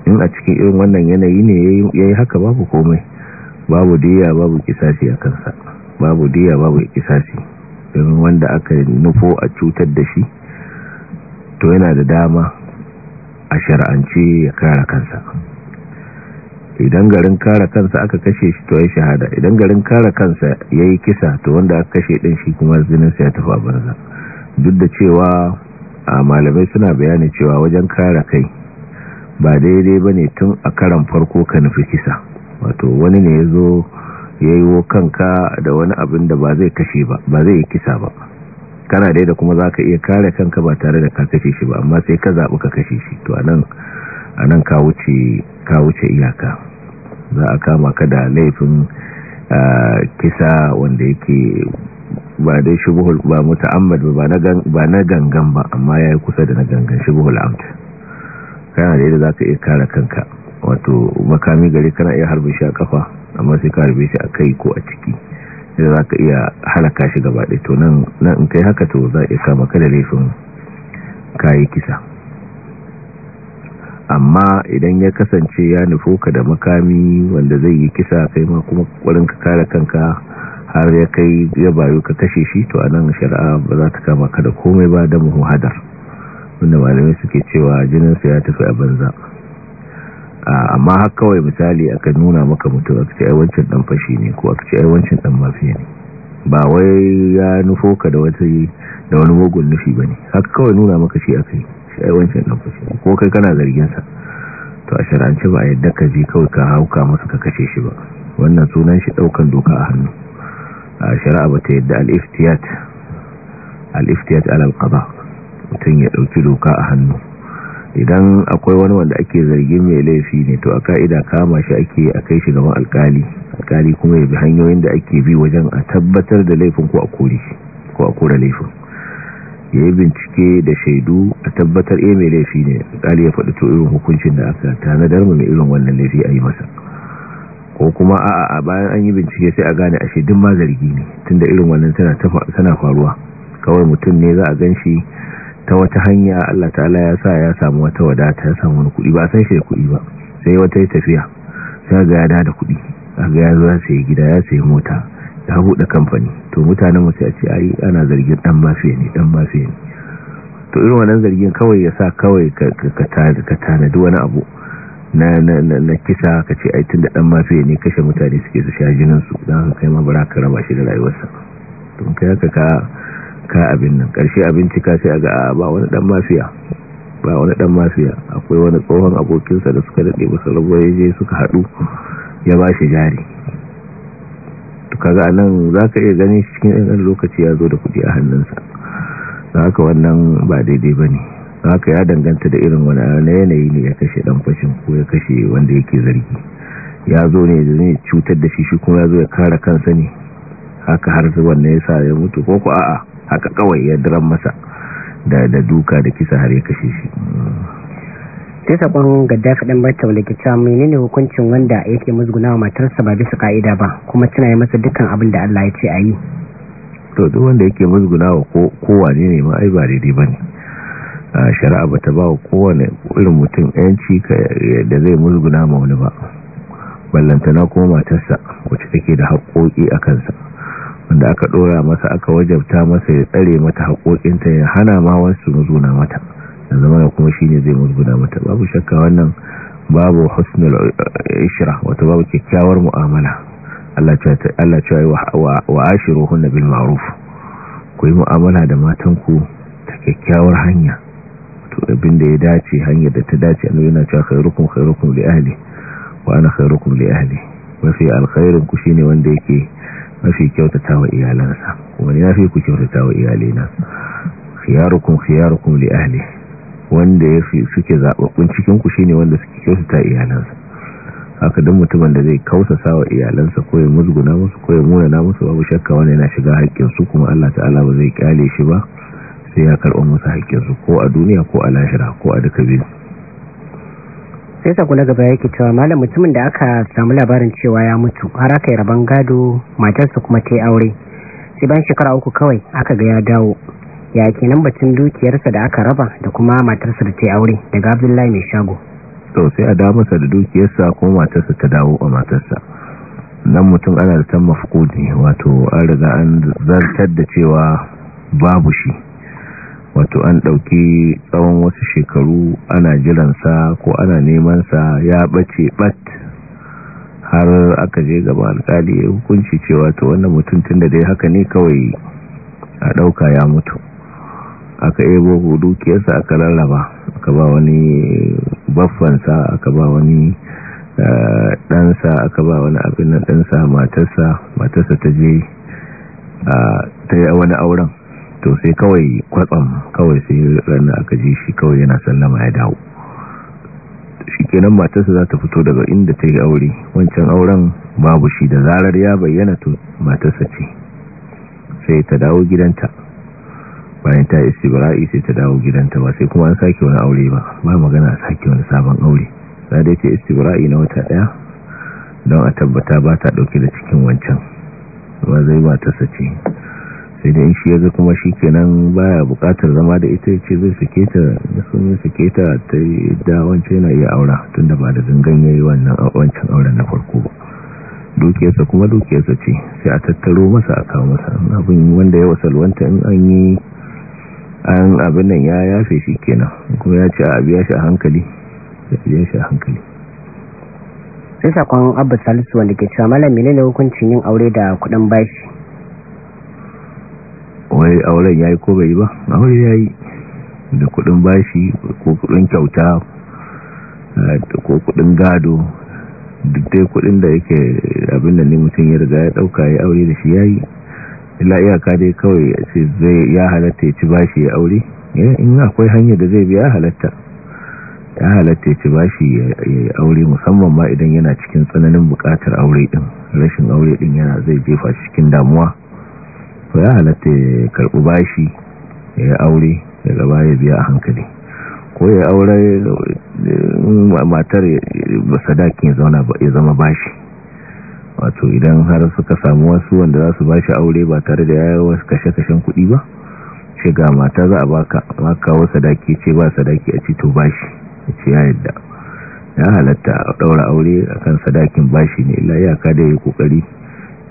in a cikin irin wannan yanayi ne ya yi haka babu komai babu diya babu kisasi a kansa babu diya babu kisasi irin wanda aka nufo a cutar da shi to yana da dama a shari'ance ya kara kansa idan garin kare kansa aka kashe shi to ya shahada idan garin kara kansa ya yi kisa to wanda aka kashe ɗin shi kuma zininsa ya tafi a banza duk da cewa a malamai suna bayani cewa wajen kare kai ba daidai ba ne tun a karan farko ka nufi kisa wato wani ne ya zo ya yi kanka da wani abin da ba zai kashe ba ba zai yi kisa ba kana dai da kuma za ka iya kare kanka ba tare da ka kashe shi ba amma sai ka zaɓi ka kashe shi to a nan ka wuce ka wuce iyaka za a kama ka da laifin ah, kisa wanda yake ba dai shubuhul ba muta'ammad ba ba na gangan ba amma yayi kusa da na gangan shubuhul amt kana da yadda zaka iya kare kanka wato makami gari kana iya harbe shi a kafa amma sai ka harbe shi a kai ko a ciki yadda zaka iya halaka shi gaba ɗaya to nan nan in kai haka to za iya kama ka da laifin kayi kisa amma idan ya kasance ya nufo ka da makami wanda zai yi kisa kai ma kuma kwarin ka kare kanka har ya kai ya bayu ka kashe shi to anan shari'a ba za ta kama ka da komai ba da muhadar wanda malamai suke cewa sa ya tafi a banza amma har kawai misali aka nuna maka mutum a cikin aiwancin dan fashi ne ko a cikin aiwancin dan mafiya ne ba wai ya nufo ka da wata da wani mugun nufi bane har kawai nuna maka shi aka yi shi aiwancin dan fashi ne ko kai kana zargin sa to a shari'ance ba a yadda ka je kawai ka hauka masa ka kashe shi ba wannan sunan shi daukan doka a hannu shari'a bata yadda al-iftiyat al-iftiyat al-qada mutum ya dauki doka a hannu idan akwai wani wanda ake zargin mai laifi ne to a ka'ida kama shi ake a kai shi gaban alkali alkali kuma ya bi hanyoyin da ake bi wajen a tabbatar da laifin ko a kore ko a kore laifin ya yi bincike da shaidu a tabbatar eh mai laifi ne alkali ya faɗi to irin hukuncin da aka tanadar mu mai irin wannan laifi a yi masa ko kuma a'a bayan an yi bincike sai a gane ashe duk ma zargi ne tunda irin wannan tana faruwa kawai mutum ne za a gan shi ta wata hanya Allah ta'ala ya sa ya samu wata wadata ya samu wani kuɗi ba san shi da kuɗi ba sai wata tafiya sai ga ya da kuɗi ga ya zo ya sayi gida ya sayi mota ya buɗe kamfani to mutanen mu sai a ce ana zargin dan mafiya ne dan mafiya ne to irin wannan zargin kawai ya sa kawai ka tanadi wani abu na na na kisa ka ce ai tunda dan mafiya ne kashe mutane suke su sha jinin su dan kai ma bara ka raba shi da rayuwarsa to kai haka ka ka abin nan karshe abinci ka sai ga ba wani dan mafiya ba wani dan mafiya akwai wani tsohon abokinsa da suka dade musu rabuwa je suka hadu ya ba shi jari to kaga anan zaka iya gani cikin ɗan lokaci ya zo da kuɗi a hannunsa haka wannan ba daidai bane haka ya danganta da irin wani yanayi ne ya kashe dan fashin ko ya kashe wanda yake zargi ya zo ne zai cutar da shi shi kuma ya zo ya kare kansa ne haka har ne ya sa ya mutu ko ku a'a haka kawai ya dran masa da da duka da kisa har ya kashe shi sai sakon gadda dan barta taula ke cewa menene hukuncin wanda yake musguna wa matarsa ba bisa ka'ida ba kuma tana yi masa dukkan abin da Allah ya ce a yi to duk wanda yake musguna wa kowane ne ma ai ba daidai bane shari'a ba ta ba wa kowane irin mutum yanci da zai mulguna ma wani ba ballantana kuma matarsa wacce take da haƙoƙi a kansa wanda aka ɗora masa aka wajabta masa ya tsare mata haƙoƙinta ya hana ma wasu mulguna mata da zama kuma shi ne zai mulguna mata babu shakka wannan babu husnul eh, ishra wata babu kyakkyawar mu'amala Allah ce wa ashiruhunna bil ma'ruf ku yi mu'amala da matanku ta kyakkyawar hanya abin da ya dace hanyar da ta dace a nuna cewa khairukum khairukum li ahli wa ana khairukum li ahli mafi alkhairin ku shine wanda yake mafi kyautata wa iyalansa kuma ni nafi ku kyautata wa iyalina khiyarukum khiyarukum li ahli wanda yafi suke kun cikin ku shine wanda suke kyautata iyalansa haka duk mutumin da zai kausa sawa iyalansa ko ya musguna musu ko ya muna musu babu shakka wannan yana shiga haƙƙin su kuma Allah ta'ala ba zai kyale shi ba sai ya karɓar musu haƙƙinsu ko a duniya ko a lahira ko a duka biyu sai sako na gaba yake cewa malam mutumin da aka samu labarin cewa ya mutu har aka yi rabon gado matarsa kuma ta yi aure sai ban shekara uku kawai aka ga ya dawo ya nan batun dukiyarsa da aka raba da kuma matarsa da ta yi aure daga abdullahi mai shago to sai a dawo da dukiyarsa ko matarsa ta dawo a matarsa nan mutum ana da tan mafukudi wato an riga an zartar da cewa babu shi wato an ɗauki tsawon wasu shekaru ana jiransa ko ana neman sa ya ɓace ɓat har aka je gaba alkali ya hukunci cewa to wannan mutum tun da dai haka ne kawai a ɗauka ya mutu aka ebo kiyarsa aka lallaba aka ba wani baffansa aka ba wani eh, ɗansa aka ba wani abin na ɗansa matarsa matarsa ta je ah, ta yi wani auren to sai kawai kwatsam kawai sai ranar aka ji shi kawai yana sallama ya dawo shi kenan matarsa za ta fito daga inda ta yi aure wancan auren babu shi da zarar ya bayyana to matarsa ce sai ta dawo gidanta bayan ta isi bara'i sai ta dawo gidanta ba sai kuma an sake wani aure ba ba magana a sake wani sabon aure za da ce istibra'i na wata daya don a tabbata ba ta dauke da cikin wancan ba zai matarsa ce. sai da shi ya kuma shi kenan baya bukatar zama da ita ce zai sake ta da sun sake ta ta yi da wancan iya aura tun da ba da zangan ya yi wannan wancan auren na farko ba dukiyarsa kuma dukiyarsa ce sai a tattaro masa a kawo masa abin wanda ya wasalwanta in an yi an abin nan ya yafe shi kenan kuma ya ce a biya shi a hankali ya biya shi a hankali sai sakon abu salisu wanda ke cewa malam menene hukuncin yin aure da kuɗin bashi wai auren yi ko bai ba aure yi da kudin bashi ko kudin kyauta eh, ko kudin gado duk dai kudin da yake abin da ne mutum ya riga ya dauka ya aure da shi ya yi. ila iyaka dai kawai ce zai ya halatta ya ci bashi ya aure eh, in akwai hanyar da zai biya halatta ya halatta ya ci bashi ya aure musamman ma idan yana cikin tsananin bukatar aure din rashin aure din yana zai jefa cikin damuwa ya halatta ya karɓi bashi ya yi aure daga baya biya a hankali ko ya aure eh, matar sadakin ya zama bashi wato idan har suka samu wasu wanda za su bashi aure ba tare da yayi wasu kashe-kashen kuɗi ba ce ga mata za a baka kawo sadaki ce ba sadaki a cito bashi ya ce ya yadda ya halatta a ɗaura aure akan sadakin bashi ne illa iyaka da ya yi ƙoƙari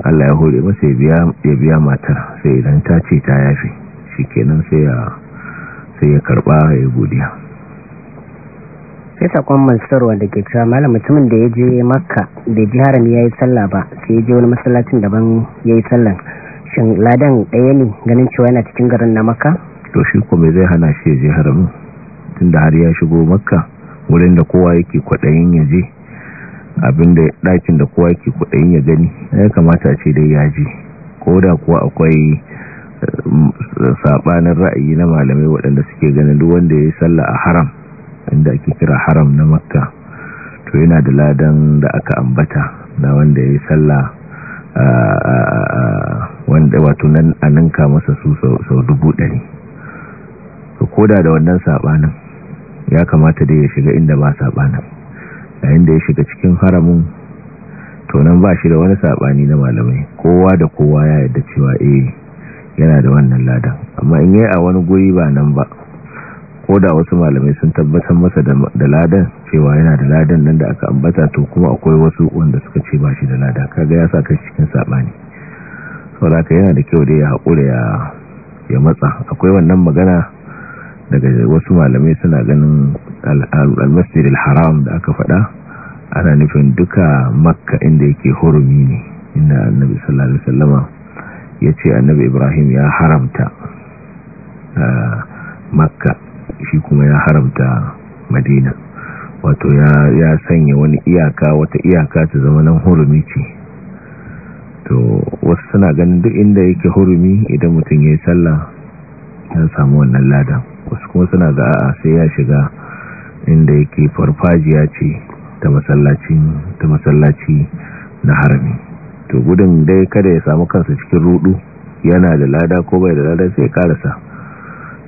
Allah ya hore masa ya biya matar sai idan ta ce ta yafi shi kenan sai ya karba ya godiya sai sakon mansur wanda ke cewa malam mutumin da ya je makka da ji harami ya yi sallah ba sai ya je wani masallacin daban ya yi shin ladan ɗaya ne ganin cewa yana cikin garin na makka to shi kuma zai hana shi ya je haramun? Tunda har ya shigo makka wurin da kowa yake kwaɗayin ya je abinda ɗakin da kowa ke kudin ya gani ya kamata ce dai ya ji ko da kuwa akwai eh, sabanin ra'ayi na malamai waɗanda suke ganin duk wanda ya yi sallah a haram inda ake kira haram na makka to yana da ladan da aka ambata na wanda ya yi sallah wanda wato nan a masa su sau dubu ɗari ko da da wannan sabanin ya kamata dai ya shiga inda ba sabanin yayin da ya shiga cikin haramun to nan ba shi da wani sabani na malamai kowa da kowa ya yadda cewa eh yana da wannan ladan amma in yi a wani guri ba nan ba ko da wasu malamai sun tabbatar masa da ladan cewa yana da ladan nan da aka ambata to kuma akwai wasu wanda suka ce ba shi da lada kaga ya sa kai cikin sabani saboda yana da kyau da ya haƙura ya matsa akwai wannan magana daga wasu malamai suna ganin al haram da aka faɗa ana nufin duka makka inda yake hurumi ne inda annabi sallallahu alaihi wasallama ya ce annabi ibrahim ya haramta makka shi kuma ya haramta madina wato ya sanya wani iyaka wata iyaka ta zama nan hurumi ce to wasu suna ganin duk inda yake hurumi idan mutum ya yi sallah ya samu wannan ladan wasu kuma suna da a'a sai ya shiga inda yake farfajiya ce ta masallaci na harami to gudun dai kada ya samu kansa cikin rudu yana da lada ko bai da lada sai ya karasa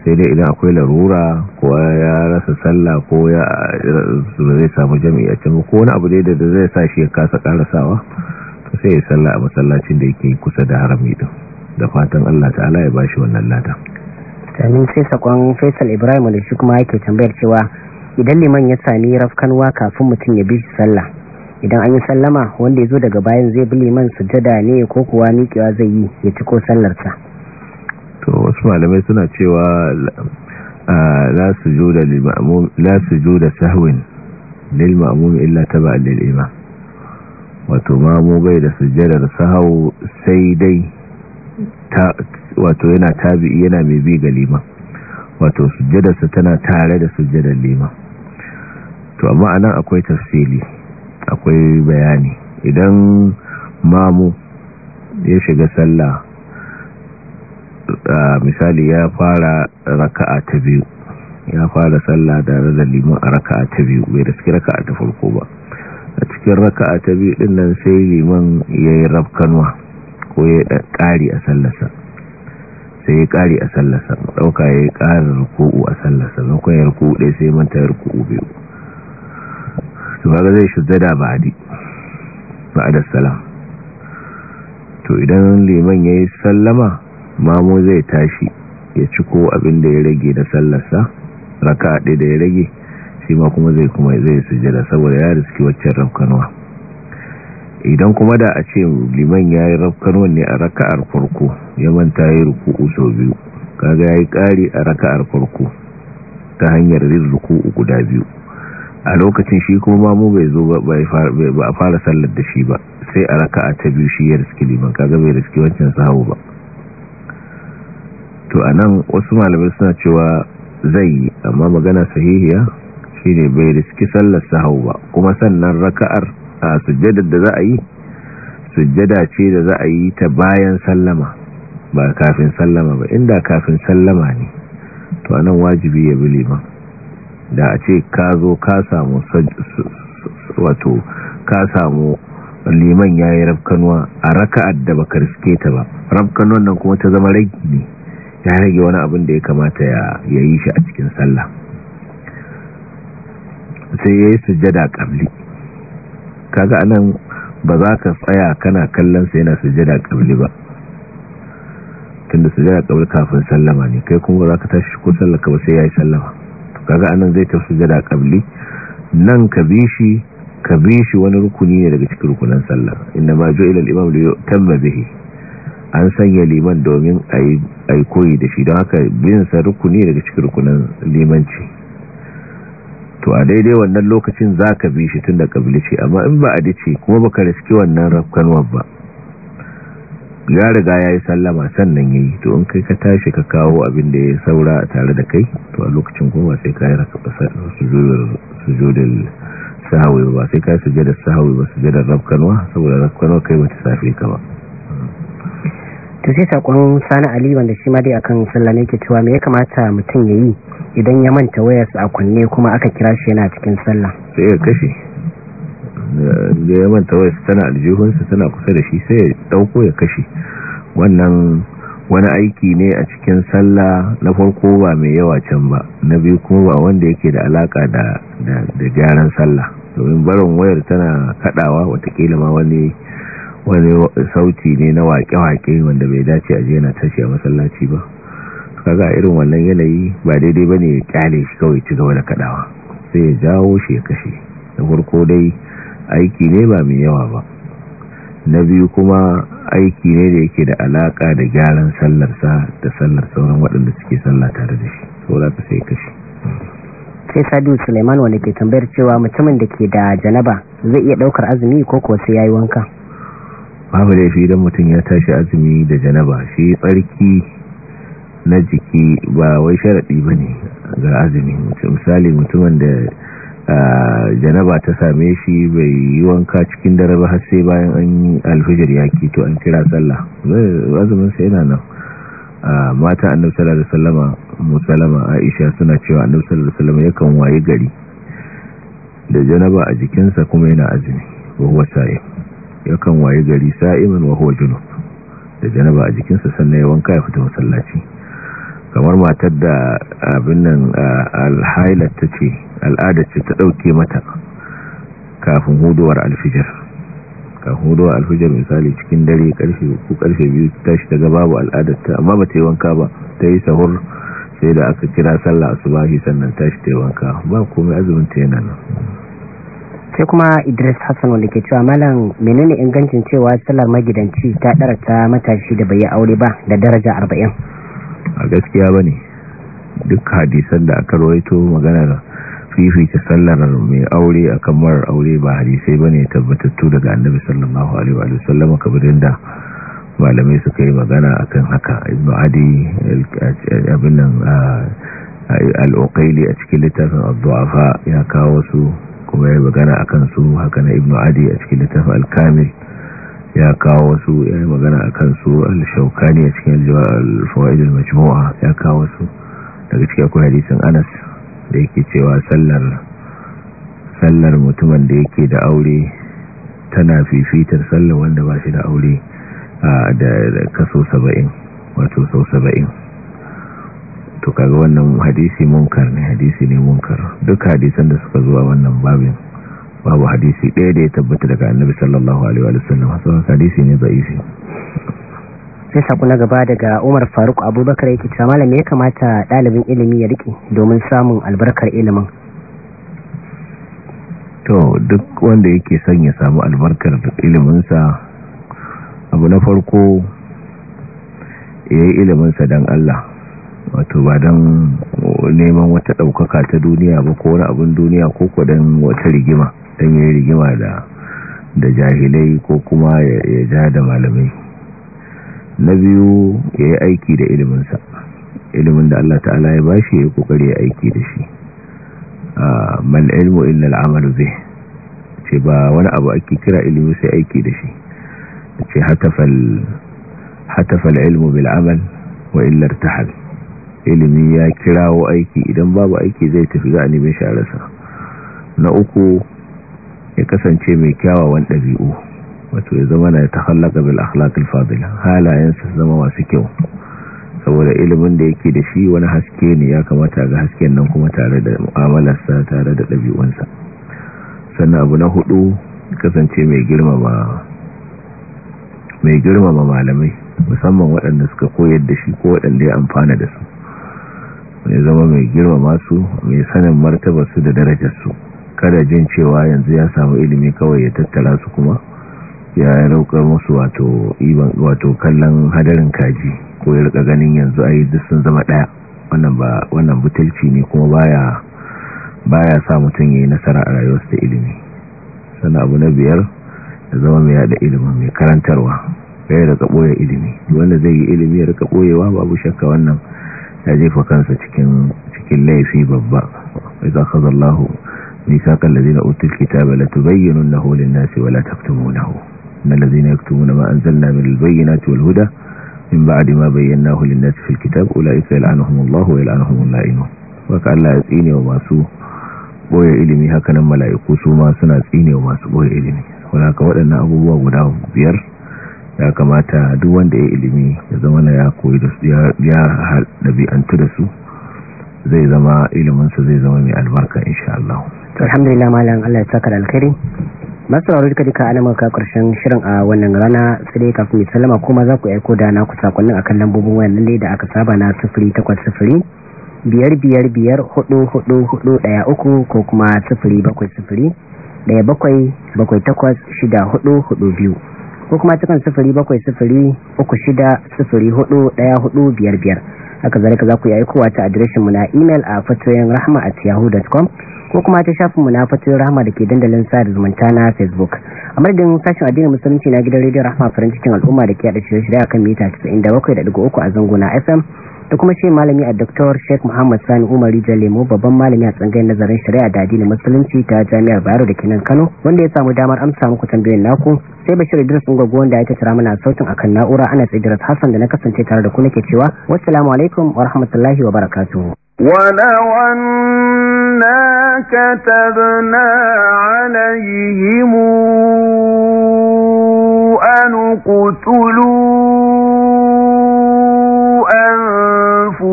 sai dai idan akwai larura ko ya rasa sallah ko ya zai samu jami'i a can ko wani abu dai da zai sa shi ya kasa karasawa to sai ya sallah a masallacin da yake kusa da harami din da fatan Allah ta'ala ya bashi wannan lada sannan sai sakon faisal ibrahim da shi kuma yake tambayar cewa idan liman ya sami rafkanwa kafin mutum ya bi shi sallah idan an yi sallama wanda ya zo daga bayan zai bi liman sujada ne ko kuwa miƙewa zai yi ya ci ko sallarsa to wasu malamai suna cewa la sujuda lil ma'mum la sujuda sahwin lil ma'mum illa taba lil imam wato mamu bai da da sahau sai dai wato yana tabi'i yana mai bi ga liman wato sujjadarsa tana tare da sujjadar liman to amma anan akwai tafsili akwai bayani idan mamu ya shiga sallah misali ya fara raka'a ta biyu ya fara sallah da da liman a raka'a ta biyu bai da suke raka'a ta farko ba a cikin raka'a ta biyu din nan sai liman ya yi rafkanwa ko ya ƙari a sallarsa sai ya kare a sallasa, ɗauka ya kare ruku'u a sallasa, lokacin ya ruku'u ɗaya sai manta ya ruku'u biyu to kaga zai da ba'adi ba'da salam to idan liman ya yi sallama mamu zai tashi ya ciko abin da ya rage da sallarsa raka ɗaya da ya rage shi ma kuma zai kuma zai su sujada saboda ya riski waccan rafkanuwa idan kuma da a ce liman ya yi rafkanuwan ne a raka'ar farko ya manta ya ruku'u sau biyu kaga ya yi ƙari a raka'ar farko ta hanyar zai ruku'u guda biyu a lokacin shi kuma mamu bai zo ba a fara sallar da shi ba sai a raka'a ta biyu shi ya riski liman kaga bai riski wancan sahu ba to a nan wasu malamai suna cewa zai yi amma magana sahihiya shine bai riski sallar sahau ba kuma sannan raka'ar a sujjadar da za a yi sujjada ce da za a yi ta bayan sallama ba kafin sallama ba inda kafin sallama ne to anan wajibi ya bi liman da a ce ka zo ka samu wato ka samu liman ya yi rafkanuwa a raka'ar da baka karske ta ba rafkanuwan nan kuma ta zama ragi ne ya rage wani abin da ya kamata ya yi shi a cikin sallah sai ya yi sujjada ƙabli kaga anan ba za ka tsaya kana kallon sa yana sujada kabli ba tunda sujada kabli kafin sallama ne kai kuma za ka tashi ko sallaka ba sai yayi sallama to kaga anan zai tafi sujada kabli nan ka bi shi ka bi shi wani rukuni ne daga cikin rukunan sallah inda ma ju'ila al-imam li yutamma bihi an sanya liman domin ayi koyi da shi don haka bin sa rukuni daga cikin rukunan limanci to a daidai wannan lokacin za ka bi shi tun da ƙabili ce amma in ba a dace kuma ba ka riski wannan rafkanwar ba ya riga ya yi sallama sannan ya yi to in kai ka tashi ka kawo abin da ya saura tare da kai to a lokacin kuma sai ka yi sujudar ba sai ka sujudar ba rafkanwa saboda rafkanwa kai wata safe ka ba to sai sakon sani ali wanda shi ma dai akan sallah ne ke cewa me ya kamata mutum ya yi idan ya manta wayarsa a kunne kuma aka kira shi yana cikin sallah sai ya kashe da ya manta wayarsa tana aljihunsa tana kusa da shi sai ya dauko ya kashe wannan wani aiki ne a cikin sallah na farko ba mai yawa can ba na biyu kuma ba wanda yake da alaka da da gyaran sallah domin barin wayar tana kadawa watakila ma wani wani sauti ne na waƙe-waƙe wanda bai dace a jena tashi a masallaci ba kaga irin wannan yanayi ba daidai ba ne ya kyale shi kawai ci gaba da kaɗawa sai ya jawo shi ya kashe da farko dai aiki ne ba mai yawa ba na biyu kuma aiki ne da yake da alaƙa da gyaran sallarsa da sallar sauran waɗanda suke sallah tare da shi saboda ka sai kashe sai sadu suleiman wanda ke tambayar cewa mutumin da ke da janaba zai iya ɗaukar azumi ko kuwa sai ya wanka babu laifi idan mutum ya tashi azumi da janaba shi tsarki na jiki ba wai sharaɗi ba ne ga azumi misali mutumin da janaba ta same shi bai yi wanka cikin dare ba har sai bayan an yi alfijir ya kito an kira sallah azumin sai yana nan mata annabi sallallahu Salama wasallama aisha suna cewa annabi sallallahu salama yakan waye gari da janaba a jikinsa kuma yana azumi wa yakan waye gari sa'iman wa huwa junub da janaba a jikinsa sannan ya wanka ya fita masallaci kamar matar da abin nan ta ce al'adar ce ta ɗauke mata kafin huduwar alfijar kafin huduwar alfijar misali cikin dare karfe ko karfe biyu tashi daga babu al'ada, ta amma ba ta yi wanka ba ta yi sahur sai da aka kira sallah asubahi sannan tashi ta yi wanka ba komai azumin ta yana nan sai kuma idris hassan wanda ke cewa malam menene ingancin cewa sallar magidanci ta ɗarata ta matashi da bai aure ba da daraja arba'in a gaskiya ba ne duk hadisan da aka rawaito maganar fifita sallar mai aure kan marar aure ba hadisai ba ne tabbatattu daga annabi sallallahu alaihi wa sallam kamar da malamai suka yi magana a kan haka ibnu abin nan al-uqayli a cikin littafin ad ya kawo su kuma ya yi magana a kansu haka na ibn adi a cikin littafin alkamil ya kawo wasu ya yi magana a kansu al-shaukani a cikin al-fawaid al-majmu'a ya kawo wasu daga cikin akwai hadisin anas da yake cewa sallar sallar mutumin da yake da aure tana fifitar sallar wanda ba shi da aure da kaso saba'in wato sau saba'in to kaga wannan hadisi munkar ne hadisi ne munkar duk hadisan da suka zuwa wannan babin babu hadisi ɗaya da ya tabbata daga annabi sallallahu alaihi wa sallam sauran hadisi ne da'ifi sai sako na gaba daga Umar Faruk Abubakar yake cewa malami ya kamata ɗalibin ilimi ya rike domin samun albarkar ilimin to duk wanda yake son ya samu albarkar iliminsa abu na farko yayi yi iliminsa dan Allah wato ba don neman wata ɗaukaka ta duniya ba ko wani abin duniya ko ko wata rigima don yi rigima da da jahilai ko kuma ya ja da malamai na biyu ya yi aiki da iliminsa ilimin da Allah ta'ala ya bashi ya yi kokari ya aiki da shi mal ilmu illa al'amalu bih ce ba wani abu ake kira ilimi sai aiki da shi ce hatafal hatafal ilmu bil amal wa illa hali. ilimi ya kirawo aiki idan babu aiki zai tafi za a nemi sharasa na uku ya kasance mai kyawawan ɗabi'u wato ya zama na ta hallaka bil akhlaqil halayen halayensa zama masu kyau saboda ilimin da yake da shi wani haske ne ya kamata ga hasken nan kuma tare da mu'amalarsa tare da ɗabi'unsa sannan abu na hudu kasance mai girmama malamai musamman waɗanda suka koyar da shi ko waɗanda ya amfana da su Mai zama mai girmama su mai sanin martaba su da darajar su kada jin cewa yanzu ya samu ilimi kawai ya tattala su kuma ya raukar musu wato kallon hadarin kaji ko ya rika ganin yanzu a duk sun zama daya wannan butalci ne kuma baya ya sa mutum ya yi nasara a rayuwarsa da ilimi sannan abu na biyar da zama mai yada ilimin mai karantarwa ya rika boye ilimi wanda zai yi ilimi ya rika boyewa babu shakka wannan ya jefa kansa cikin cikin laifi babba idza akhadha Allahu mithaqa alladhina utul kitaba na lin-nasi wa la taktumunahu alladhina yaktumuna ma anzalna minal bayyinati wal huda in min ba'di ma na lin-nasi fil kitab ulaika yal'anuhumullahu wa yal'anuhumul inu waka Allah ya tsine wa masu boye ilimi hakanan mala'iku su ma suna tsine wa masu boye ilimi wala ka waɗannan abubuwa guda biyar ya kamata duk wanda ya ilimi ya zama na ya koyi da su ya ɗabi'antu da su zai zama iliminsa zai zama mai albarka insha Allah. alhamdulillah malam Allah ya saka da alkhairi masu rawar duka duka alamar ka karshen shirin a wannan rana su dai kafin mai sallama kuma za ku aiko da na ku a akan lambobin wayan lalle da aka saba na sufuri takwas sufuri biyar biyar biyar hudu hudu hudu daya uku ko kuma sufuri bakwai sufuri daya bakwai bakwai takwas shida hudu hudu biyu ko kuma cikin sifiri bakwai sifiri uku shida sifiri hudu daya hudu biyar biyar haka zalika za ku yi aikowa ta adireshin mu na imel a fatoyin rahama at yahoo.com ko kuma ta shafin mu na fatoyin rahama da ke dandalin sada zumunta na facebook a madadin sashen addinin musulunci na gidan rediyon rahama farin cikin al'umma da ke yada shirye-shirye kan mita 97.3 a zango na fm da kuma ce malami a Dr. Sheikh Muhammad Sani Umar lemo, babban malami a tsangayar nazarin shari'a da addinin musulunci ta Jami'ar Bayero da Kinan Kano wanda ya samu damar amsa muku tambayoyin naku sai Bashir Idris Ngogo wanda ya tattara mana sautin akan na'ura ana Idris Hassan da na kasance tare da ku nake cewa wassalamu alaikum wa rahmatullahi wa barakatuh ولو أنا كتبنا عليهم أن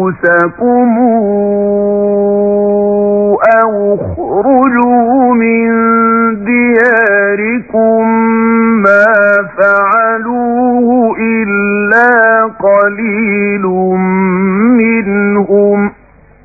أنفسكم أو اخرجوا من دياركم ما فعلوه إلا قليل